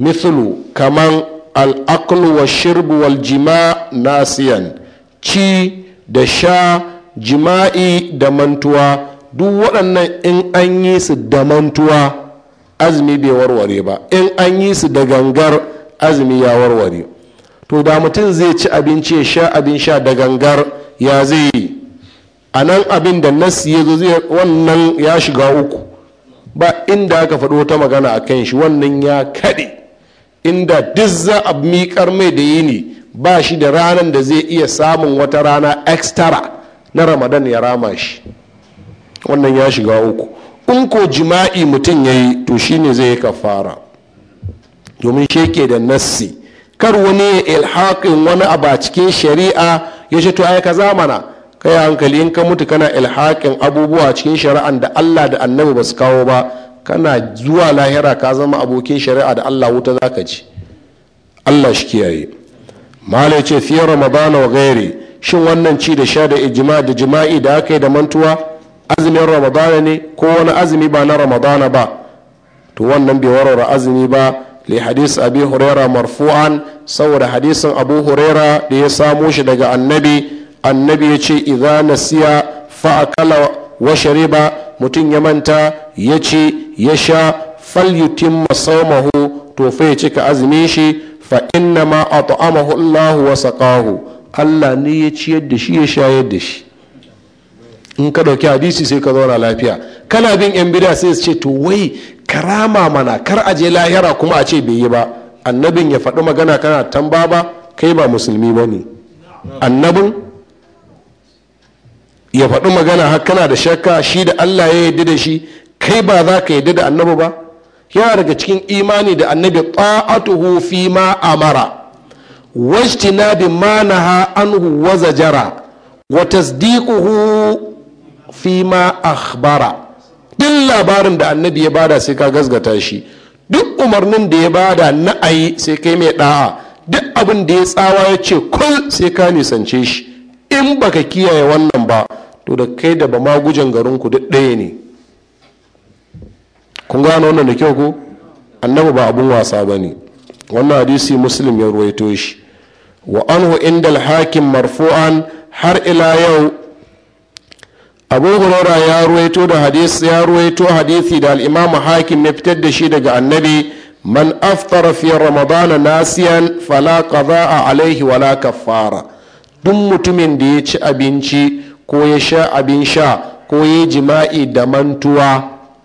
mithlu kaman al'aqlu wa shirbu wal jima nasiyan ci da sha jima'i da mantuwa duk waɗannan in an yi su da mantuwa azumi bai warware ba in an yi su da gangar azumi ya warware to da mutum zai ci abinci ya sha abin sha da gangar ya zai yi a nan abin da nasi ya zo zai wannan ya shiga uku ba inda aka faɗo wata magana a kan shi wannan ya kaɗe inda duk za a miƙar mai da yini ba shi da ranar da zai iya samun wata rana extra na ramadan ya rama shi wannan ya shiga uku in ko jima'i mutum ya yi to ne zai yi kafara fara domin sheke da nassi kar wani ya ilhaƙin wani a ba cikin shari'a ya ce to ai ka zamana kai hankali in ka mutu kana ilhaƙin abubuwa cikin shari'a da Allah da annabi ba su kawo ba kana zuwa lahira ka zama abokin shari'a da Allah wuta zaka ci Allah shi kiyaye malai ce fiye ramadana wa gairi shin wannan ci da sha da ijima da jima'i da aka yi da mantuwa azumin ramadana ne ko wani azumi ba na ramadana ba to wannan bai warware azumi ba li hadis abi huraira marfu'an saboda hadisin abu huraira da ya samo shi daga annabi annabi ya ce idza nasiya fa akala wa shariba mutum ya manta ya ce ya sha falyutimma sawmahu to fa ya cika azumin shi fa inna ma at'amahu Allah wa saqahu Allah ne ya ciyar da shi ya shayar da shi in ka ɗauki hadisi sai ka zauna lafiya kana bin yan bida sai su ce to wai karama mana kar a je lahira kuma a ce bai yi ba annabin ya faɗi magana kana tamba ba kai ba musulmi ba ne annabin ya faɗi magana har kana da shakka shi da allah ya yarda da shi kai ba za ka yarda da annabi ba yana daga cikin imani da annabi ta'atuhu fi ma amara wajtinabi ma naha anhu wa zajara wa tasdiquhu fima akhbara duk labarin da annabi ya bada sai ka gasgata shi duk umarnin da ya bada na ayi sai kai mai ɗa'a duk abin da ya tsawa ya ce kul sai ka nisance shi in baka kiyaye wannan ba to da kai da ba magujan garinku duk ɗaya ne kun gano wannan da kyau ko annabi ba abun wasa ba ne wannan hadisi muslim ya ruwaito shi wa anhu inda hakim marfu'an har ila yau abu hurara ya ruwaito da hadisi ya ruwaito hadisi da al-imam hakim ya fitar da shi daga annabi man aftara fi ramadana nasiyan fala qada'a alaihi wala kaffara duk mutumin da ya ci abinci ko ya sha abin sha ko ya jima'i da mantuwa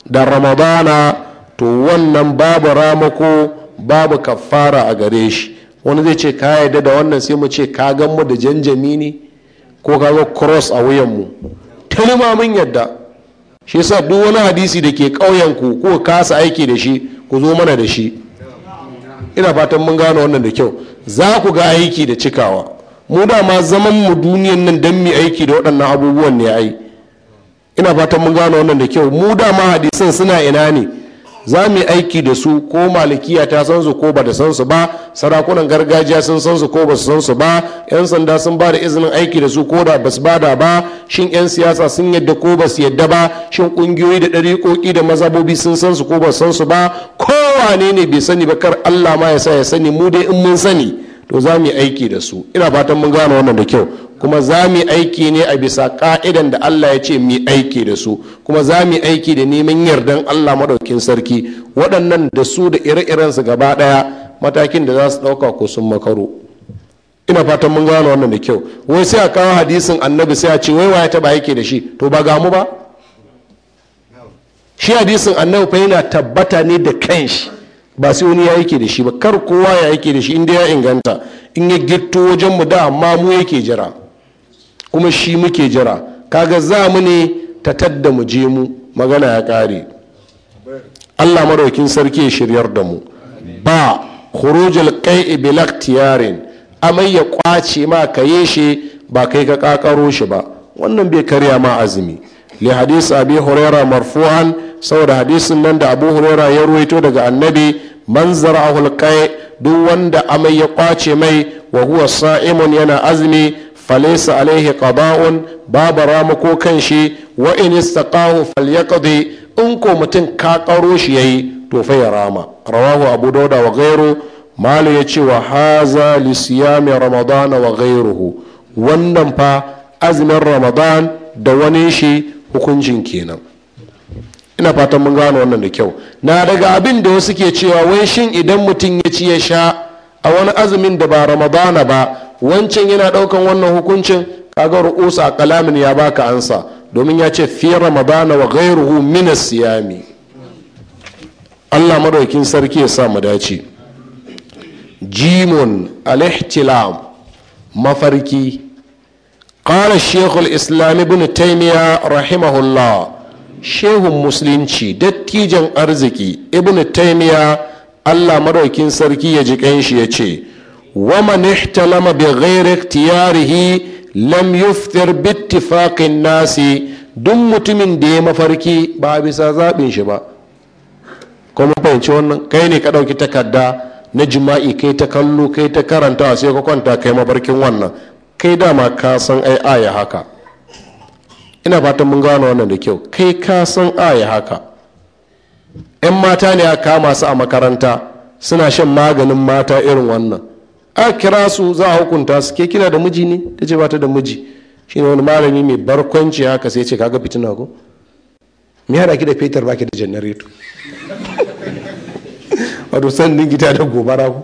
da ramadana to wannan babu ramako babu kaffara a gare shi wani zai ce ka yarda da wannan sai mu ce ka gan mu da janjami ne ko ka ga cross a wuyan mu nima min yadda shi yasa duk wani hadisi da ke ƙauyenku ku ko kasa aiki da shi ku zo mana da shi ina fatan mun gane wannan da kyau za ku ga aiki da cikawa mu da ma zaman mu duniyan nan dan mu aiki da waɗannan abubuwan ne ai ina fatan mun gane wannan da kyau mu da ma hadisan suna ina ne za mu yi aiki da su ko malikiya ta san su ko ba da san su ba sarakunan gargajiya sun san su ko ba su san su ba yan sanda sun ba da izinin aiki da su ko da ba su ba da ba shin yan siyasa sun yadda ko ba su yadda ba shin kungiyoyi da dariƙoƙi da mazabobi sun san su ko ba su san su ba kowane ne bai sani ba kar Allah ma ya sa ya sani mu dai in mun sani to za mu yi aiki da su ina fatan mun gane wannan da kyau kuma za mu aiki ne a bisa ka'idan da Allah ya ce mu aiki da su kuma za mu aiki da neman yardan Allah madaukin sarki waɗannan da su da ire-irensu gaba ɗaya matakin da za su ɗauka ko sun makaro ina fatan mun gano wannan da kyau wai sai a kawo hadisin annabi sai a ce wai waye taba yake da shi to ba gamu ba shi hadisin annabi fa yana tabbata ne da kanshi ba sai wani ya yake da shi ba kar kowa ya yake da shi inda ya inganta in ya gitto wajen mu da amma mu yake jira kuma shi muke jira kaga za mu ne ta tadda mu je mu magana ya kare. allah maraukin sarki ya shiryar da mu ba khurujul qai'i bil ikhtiyarin amai ya kwace ma kaye shi ba kai ka kakaro shi ba wannan bai karya ma azumi li hadis abi huraira marfu'an saboda hadisin nan da abu huraira ya ruwaito daga annabi man zara'ahu duk wanda amai ya kwace mai wa huwa sa'imun yana azumi falaisa alaihi qada'un babu Rama kan shi wa in istaqahu falyaqdi in ko mutum ka karo shi yayi to fa ya rama rawahu abu dauda wa ghairu malu ce wa haza li siyami ramadan wa ghairuhu wannan fa azumin ramadan da wani shi hukuncin kenan ina fatan mun gano wannan da kyau na daga abin da wasu ke cewa wai shin idan mutum ya ci ya sha a wani azumin da ba ramadana ba wancan yana ɗaukan wannan hukuncin kaga ru'usa a kalamin ya baka ansa domin ya ce fi ramadana wa ghairuhu min siyami Allah madaukin sarki ya sa mu dace jimun al-ihtilam mafarki qala shaykh al-islam ibn taymiya rahimahullah shehun musulunci dattijan arziki ibn taymiya Allah madaukin sarki ya ji kanshi ya ce wa man ihtalama bi ghairi ikhtiyarihi lam yuftir bi ittifaqin nasi duk mutumin da ya mafarki ba bisa zaɓin shi ba kuma fahimci wannan kai ne ka ɗauki takarda na jima'i kai ta kallo kai ta karanta sai ka kwanta kai mafarkin wannan kai dama ka san ai aya haka ina fatan mun gano wannan da kyau kai ka san aya haka yan mata ne ya kama su a makaranta suna shan maganin mata irin wannan a kira su za a hukunta su ke kina da miji ne ta ce ba ta da miji shine wani malami mai barkwanci haka sai ce kaga fitina ko me hada ki da fetur baki da janareto [laughs] wato sannin gida da gobara ku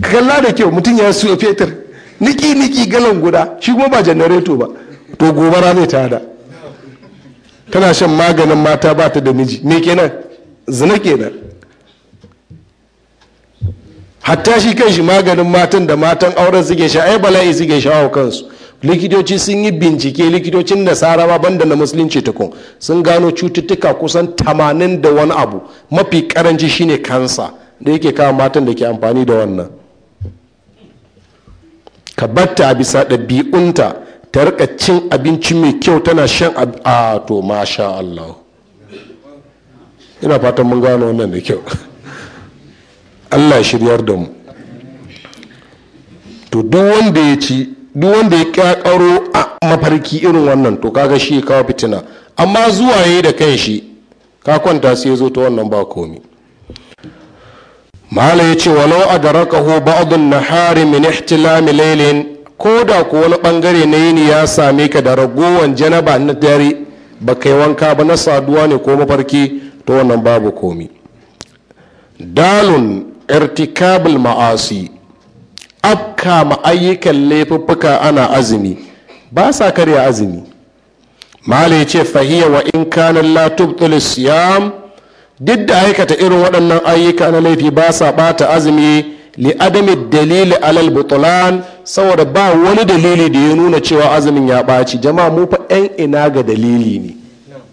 kalla da kyau mutum ya su fetur niki niki galan guda shi kuma ba janareto ba to gobara zai tada tana shan maganin mata ba ta da miji me kenan zina kenan hatta shi kan shi maganin matan da matan auren suke sha ai bala'i suke sha kansu likitoci sun yi bincike likitocin nasara ma banda na musulunci tukun sun gano cututtuka kusan tamanin da wani abu mafi karanci shine kansa da yake kawo matan da ke amfani da wannan ka batta a bisa ɗabi'unta ta rika cin abinci mai kyau tana shan a to masha Allah ina fatan mun gano wannan da kyau allah shiryar da mu to duk wanda ya ci duk wanda ya kyakaro a mafarki irin wannan to kaga shi ya kawo fitina amma zuwa yi da kan shi ka kwanta sai ya zo ta wannan ba komi mala ya ce walau a darakahu na hari min ihtilami laylin ko da ko wani bangare na yini ya same ka da ragowar janaba na dare ba kai wanka ba na saduwa ne ko mafarki to wannan babu komi dalun irtikabul ma'asi afkama ma ayyukan laifuffuka ana azumi ba sa karya azumi mala ya ce fahiya wa in kana la tubtul siyam duk da aikata irin waɗannan ayyuka na laifi ba sa ɓata azumi li adami dalili alal butulan saboda ba wani dalili da ya nuna cewa azumin ya ɓaci jama'a mu fa 'yan ina ga dalili ne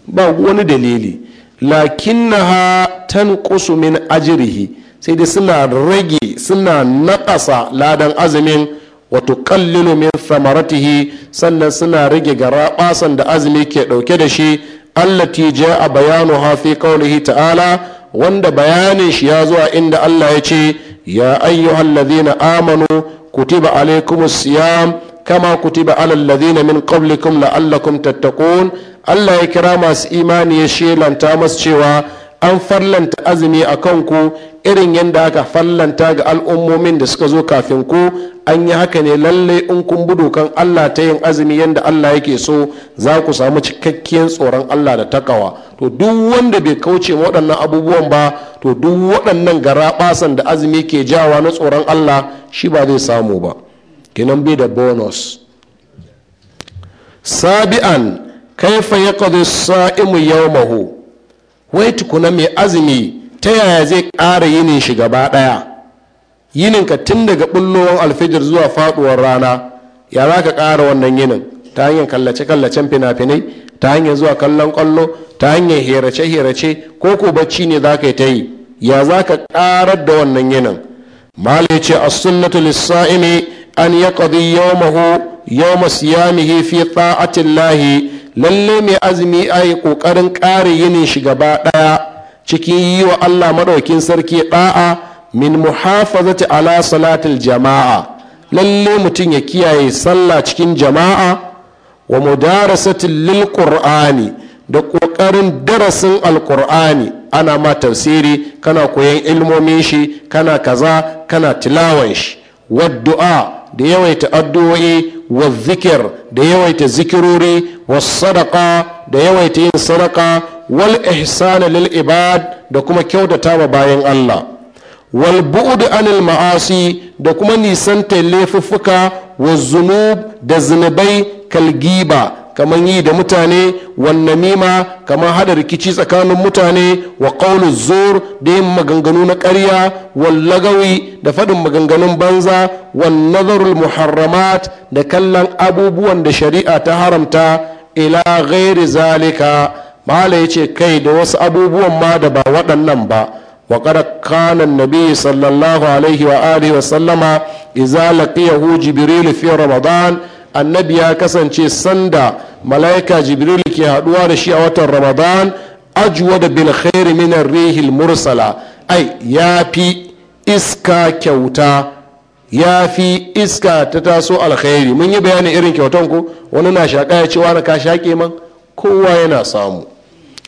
ba wani dalili lakinnaha tanqusu min ajrihi sai dai suna rage suna naƙasa ladan azumin wato kallilu min samaratihi sannan suna rage garaɓasan da azumi ke ɗauke da shi Allah allati a bayanu hafi qawlihi ta'ala wanda bayanin shi ya zuwa inda Allah ya ce ya ayyuhallazina amanu kutiba alaikumus siyam kama kutiba alal ladina min qablikum la'allakum tattaqun Allah ya kira masu imani ya shelanta masu cewa an fallanta azumi a kanku irin yadda aka fallanta ga al'ummomin da suka zo kafin ku an yi haka ne lallai in kun bi kan Allah ta yin azumi yadda Allah yake so za ku samu cikakkiyar tsoron Allah da takawa to duk wanda bai kauce waɗannan abubuwan ba to duk waɗannan garaɓasan da azumi ke jawa na tsoron Allah shi ba zai samu ba kenan bai da bonus sabi'an kaifa yaqdi sa'imu yawmahu wai tukuna mai azumi ta yaya zai ƙara yinin shi gaba ɗaya yininka tun daga ɓullowar alfijir zuwa faɗuwar rana ya za ka ƙara wannan yinin ta hanyar kallace-kallacen fina-finai ta hanyar zuwa kallon ƙwallo ta hanyar herace-herace ko ko bacci ne za ka yi ta yi ya za ka ƙarar da wannan yinin mala ce a sunnatu lissa'imi an ya ƙadi yawmahu yawma siyamihi fi ta'atillahi lalle mai azumi a yi ƙoƙarin ƙare yinin shi gaba ɗaya cikin yi wa allah maɗaukin sarki ɗa'a min muhafazati ala salatil jama'a lalle mutum ya kiyaye sallah cikin jama'a wa mudarasatin lil qur'ani da ƙoƙarin darasin alƙur'ani ana ma tafsiri kana koyan ilmomin shi kana kaza kana tilawan shi waddu'a da yawaita addu'o'i wa zikir da yawaita zikirori sadaka da yawaita yin sadaka wal ihsan lil ibad da kuma kyautata wa bayan Allah wal bu'd anil ma'asi da kuma nisanta laifuffuka wa zunub da zunubai kalgiba kaman yi da mutane wan namima kamar hada rikici tsakanin mutane wa qawlu zur da yin maganganu na ƙarya wal lagawi da faɗin maganganun banza wan nazarul muharramat da kallon abubuwan da shari'a ta haramta ila ghairi zalika mala yace kai da wasu abubuwan ma da ba waɗannan ba wa qad kana nabi sallallahu alaihi wa alihi wa sallama idza laqiyahu jibril fi ramadan annabi ya kasance sanda malaika jibril ke haduwa da shi a watan ramadan ajwad bil khair min ar-rihil mursala ai yafi iska kyauta ya fi iska ta taso alkhairi mun yi bayanin irin kyautan ko wani na shaƙa ya ce wani ka shaƙe man kowa yana samu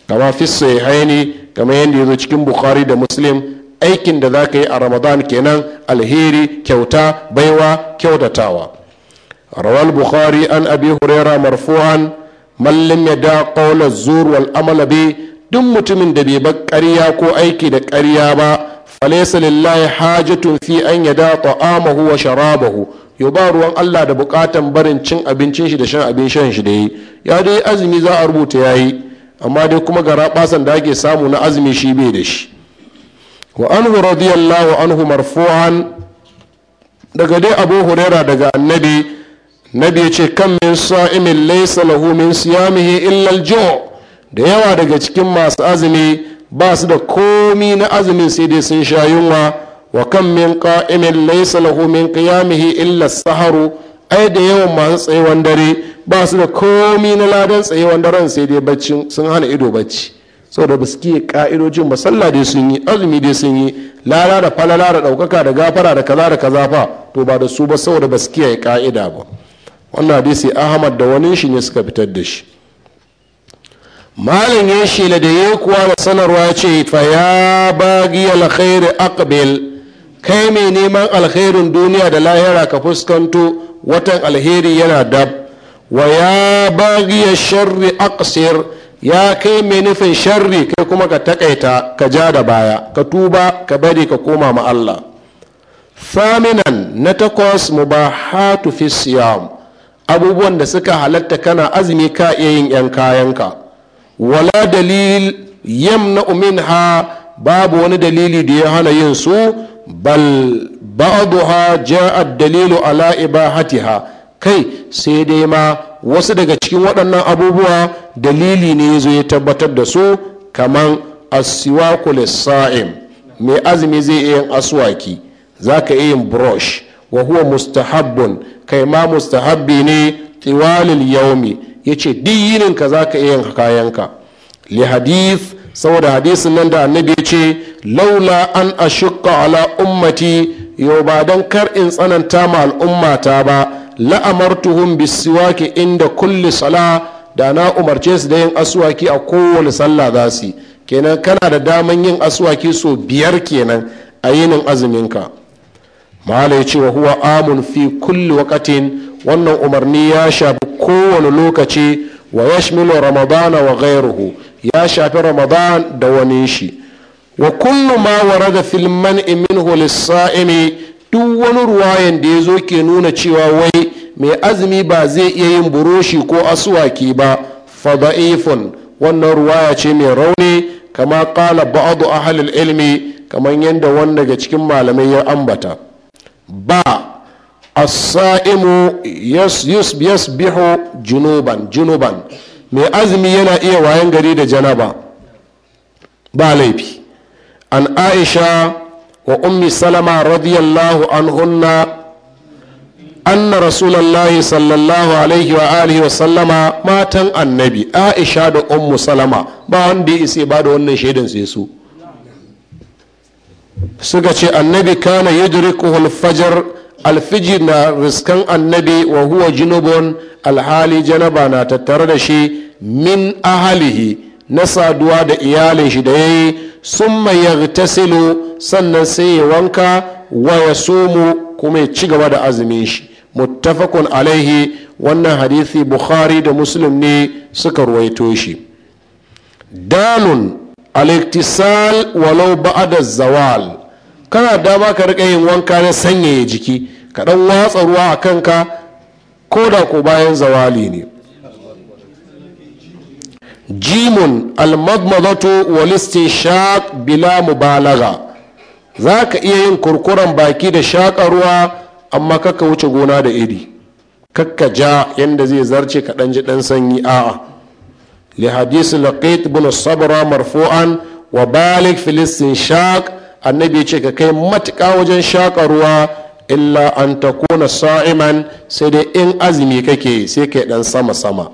kama fi haini kamar yadda ya zo cikin bukhari da muslim aikin da za ka yi a ramadan kenan alheri kyauta baiwa kyautatawa rawal bukhari an abi huraira marfu'an mallam ya da ƙaunar zur al'amala bi duk mutumin da bai bar ƙarya ko aiki da ƙarya ba falaysa lillahi hajatun fi an yada ta'amahu wa sharabahu yo ba ruwan Allah da buƙatan barin cin abincin shi da shan abin shan shi da yi ya dai azumi za a rubuta yayi amma dai kuma gara basan da ake samu na azumi shi bai da shi wa radiyallahu anhu marfu'an daga dai abu huraira daga annabi nabi ya ce kan min sa'imin laysa lahu min siyamihi illa al da yawa daga cikin masu azumi ba su da komi na azumin sai dai sun sha yunwa wa kan min qa'imin laysa lahu min qiyamihi illa saharu ai da yawan masu tsayewan dare ba su da komi na ladan tsayewan daren sai dai bacci sun hana ido bacci saboda ba su kiyaye ka'idojin ba sallah dai sun yi azumi dai sun yi lala da falala da ɗaukaka da gafara da kaza da kaza fa to ba da su ba saboda ba su kiyaye ka'ida ba wannan hadisi ahmad da wani shi ne suka fitar da shi malam ya shela da ya kuwa da sanarwa ce fa ya bagi alkhairi aqbil kai mai neman alkhairin duniya da lahira ka fuskanto watan alheri yana dab wa ya bagi sharri aqsir ya kai mai nufin sharri kai kuma ka takaita ka ja da baya ka tuba ka bari ka koma ma Allah faminan na takwas mubahatu fi siyam abubuwan da suka halatta kana azumi ka iya yin yan kayanka wala dalil yamna ha babu wani dalili da ya hana yin su bal ba'daha ja'a dalilu ala ibahatiha kai sai dai ma wasu daga cikin waɗannan abubuwa dalili ne yazo ya tabbatar da su kaman asiwaku lissa'im mai azumi zai iya yin aswaki zaka iya yin brush wa huwa mustahabbun kai ma mustahabbi ne tiwalil yaumi ya ce diyinin ka za ka iya yanka kayanka li hadith saboda hadisin nan da annabi ya ce laula an ashukka ala ummati yau ba don kar in tsananta ma al'ummata ba la'amartuhum siwaki inda kulli sala da na umarce su da yin asuwaki a kowane sallah za su kenan kana da daman yin aswaki so biyar kenan a yinin azuminka mahala ya ce wa huwa amun fi kulli wakatin wannan umarni ya shafi kowane lokaci wa yashmilu ramadana wa gairuhu ya shafi ramadan da wani shi wa kullu ma wa Raga Filman imin holisa'imi duk wani ruwayan da ya zo ke nuna cewa wai mai azumi ba zai iya yin buroshi ko asuwaki ba fa wannan ruwaya ce mai rauni kama qala a ahlil ilmi kamar yadda wanda daga cikin malamai ya ambata ba as yasbihu junuban junuban mai azumi yana iya wayan gari da janaba ba laifi an aisha wa ummi salama radiyallahu anhunna anna rasulallahi sallallahu alaihi wa alihi wa sallama matan annabi aisha da ummu salama ba wanda ya isa ba da wannan shaidan sai su suka ce annabi kana yudrikuhu al-fajr alfijir na riskan annabi wa huwa junubun alhali janaba na tattare da shi min ahalihi na saduwa da iyalin shi da ya yi ta silo sannan sai ya wanka wa ya kuma ya ci gaba da azumin shi muttafaqun alaihi wannan hadithi bukhari da muslim ne suka ruwaito shi dalun al-iktisal walau ba'da zawal kana dama ka rika yin wanka na sanyaya jiki ka dan watsa ruwa a kanka ko da ko bayan zawali ne jimun almadmadatu walisti shaq bila mubalaga za ka iya yin kurkuren baki da shaƙa ruwa amma kakka wuce gona da iri kakka ja yadda zai zarce ka ɗan ji ɗan sanyi a'a li hadisi laqit bin sabra marfu'an wa balik filistin shaq annabi ya ce ka kai matuƙa wajen shaƙa ruwa illa an ta kona sa'iman sai dai in azumi kake sai kai ɗan sama-sama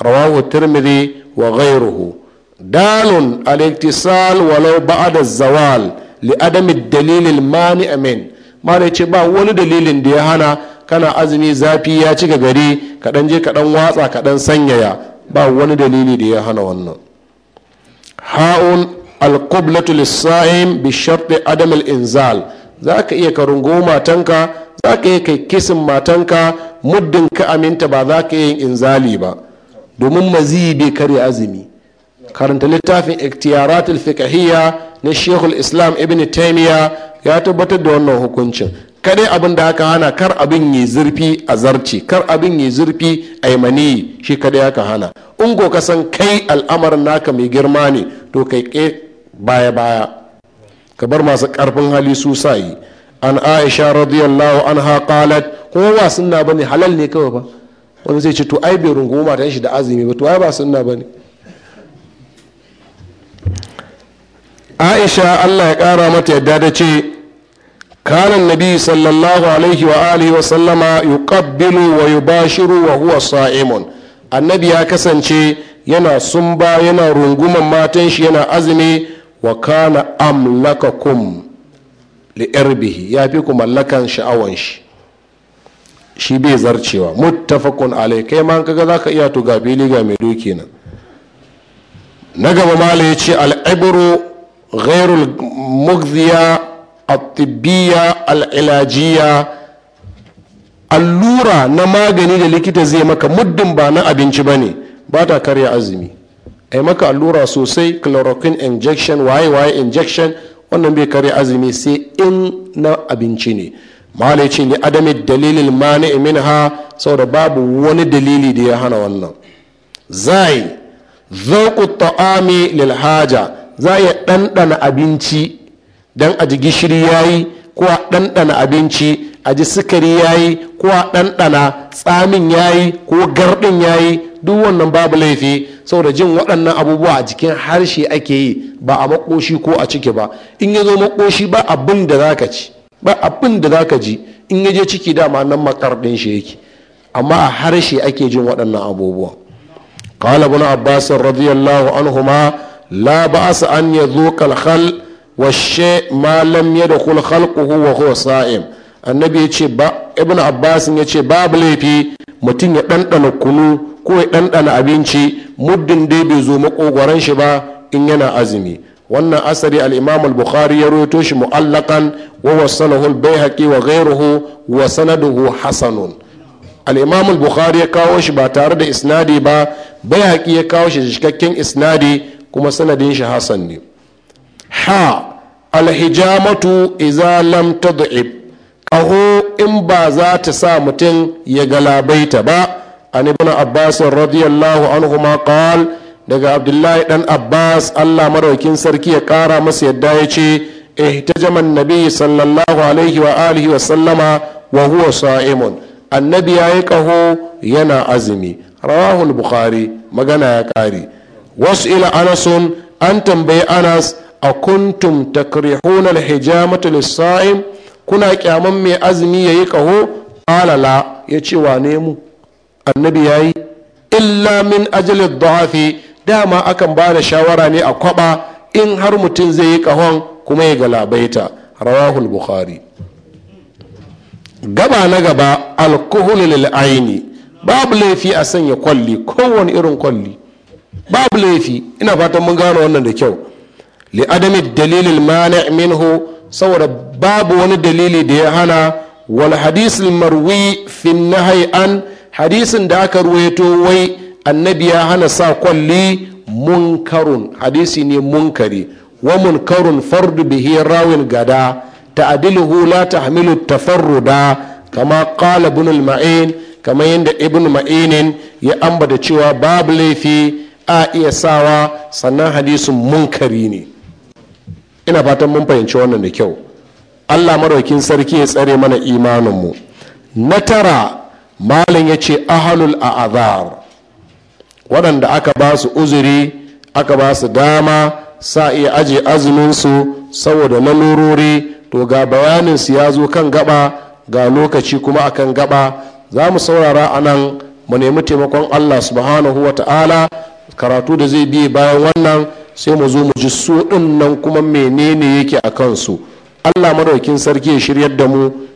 rawahu tirmidhi wa gairuhu dalun al-iktisal walau ba'da zawal li adami dalilin mani amin malai ce ba wani dalilin da ya hana kana azumi zafi ya cika gari kaɗan je kaɗan watsa kaɗan sanyaya ba wani dalili da ya hana wannan ha'un alƙublatu lissa'im bi sharti adam inzal za ka iya ka rungo matanka za ka iya kai kisin matanka muddin ka aminta ba za ka iya yin inzali ba domin mazi bai karya azumi karanta littafin iktiyarat fiqhiyya na shekul islam ibn taimiya ya tabbatar da wannan hukuncin kaɗai abin da aka hana kar abin yi zurfi a zarci kar abin yi zurfi a yi shi kaɗai aka hana ungo kasan kai al'amarin naka mai girma ne to kai baya-baya ka bar masu ƙarfin hali su sa'i an aisha radiyallahu an haƙalat kuma ba sunna bane halal ne kawai ba wani zai ce to ai bai rungumu matan shi da azumi ba to ai ba sunna bane aisha allah ya kara mata yadda da ce kanan nabi sallallahu alaihi wa alihi wa sallama yuqabbilu wa yubashiru wa huwa sa'imun annabi ya kasance yana sumba yana runguman matan shi yana azumi wa kana amlakakum irbihi ya fi ku mallakan sha'awan shi shi bai zarcewa muttafaqun alai kai ma kaga zaka iya to ga bili ga mai doki nan na gaba mala ya ce al'ibru ghairul mugziya atibbiya al'ilajiya allura na magani da likita zai maka muddin ba na abinci ba ne ba ta karya azumi a maka allura sosai chloroquine injection waye waye injection wannan bai kare azumi sai in na abinci ne malici ne adami dalilin mani min ha saboda babu wani dalili da ya hana wannan zai zauku ta'ami lil haja za ya ɗanɗana abinci don a ji gishiri yayi ko a ɗanɗana abinci a ji sukari yayi ko a ɗanɗana tsamin ya yi, ko garɗin yi, duk wannan babu laifi saboda jin waɗannan abubuwa a jikin harshe ake yi ba a makoshi ko a ciki ba in ya zo makoshi ba abin da za ka ci ba abin da za ka ji in ya je ciki dama nan makar ɗin shi yake amma a harshe ake jin waɗannan abubuwa qala ibn abbas radiyallahu anhuma la ba'sa an yadhuqa al-khal wa shay ma lam yadkhul khalquhu wa huwa sa'im annabi yace ba ibn abbas yace babu laifi mutum ya ɗanɗana kunu ko ya ɗanɗana abinci muddin dai bai zo makogoran shi ba in yana azumi wannan asari al-imam al-bukhari ya rawaito shi mu'allakan wa wasanahu al-baihaqi wa ghayruhu wa sanaduhu hasanun al-imam al-bukhari ya kawo shi ba tare da isnadi ba baihaqi ya kawo shi cikakken isnadi kuma sanadin shi hasan ne ha al-hijamatu idza lam tad'ib qahu in ba za ta sa mutum ya galabaita ba an ibn abbas radiyallahu anhu ma qal daga abdullahi dan abbas allah madaukin sarki ya kara masa yadda ya ce ihtajama annabi sallallahu alaihi wa alihi wa sallama wa huwa sa'imun annabi yayi kaho yana azumi rawahul bukhari magana ya kare wasu ila an tambayi anas a kuntum takrihuna alhijamata lis-sa'im kuna kyaman mai azumi yayi kaho qala la ya ce wane mu annabi ya yi illa min ajalin dhafi dama akan ba da shawara ne a kwaba in har mutum zai yi kahon kuma ya galabaita rawahul bukhari gaba na gaba alkohol aini babu laifi a sanya kwalli kowane irin kwalli babu laifi ina fatan mun gano wannan da kyau li adami dalilil mani minhu saboda babu wani dalili da ya hana wal hadisul marwi fi nahai an hadisin da aka ruwaito wai annabi ya hana sa kwalli munkarun hadisi ne munkari wa munkarun fardu bihi rawin gada ta'diluhu la tahmilu tafarruda kama kala ibn main kama yanda ibn ma'inin ya ambata cewa babu laifi a iya sawa sannan hadisin munkari ne ina fatan mun fahimci wannan da kyau Allah maraukin sarki ya tsare mana imaninmu na tara malam ya ce ahalul a'azar waɗanda aka ba su uzuri aka ba su dama sa iya aje azuminsu saboda lalurori to ga bayaninsu ya zo kan gaba ga lokaci kuma akan gaba za mu saurara a nan mu nemi taimakon allah subhanahu wa ta'ala karatu da zai biya bayan wannan sai mu zo mu ji su nan kuma menene yake a kansu allah madaukin sarki ya shiryar da mu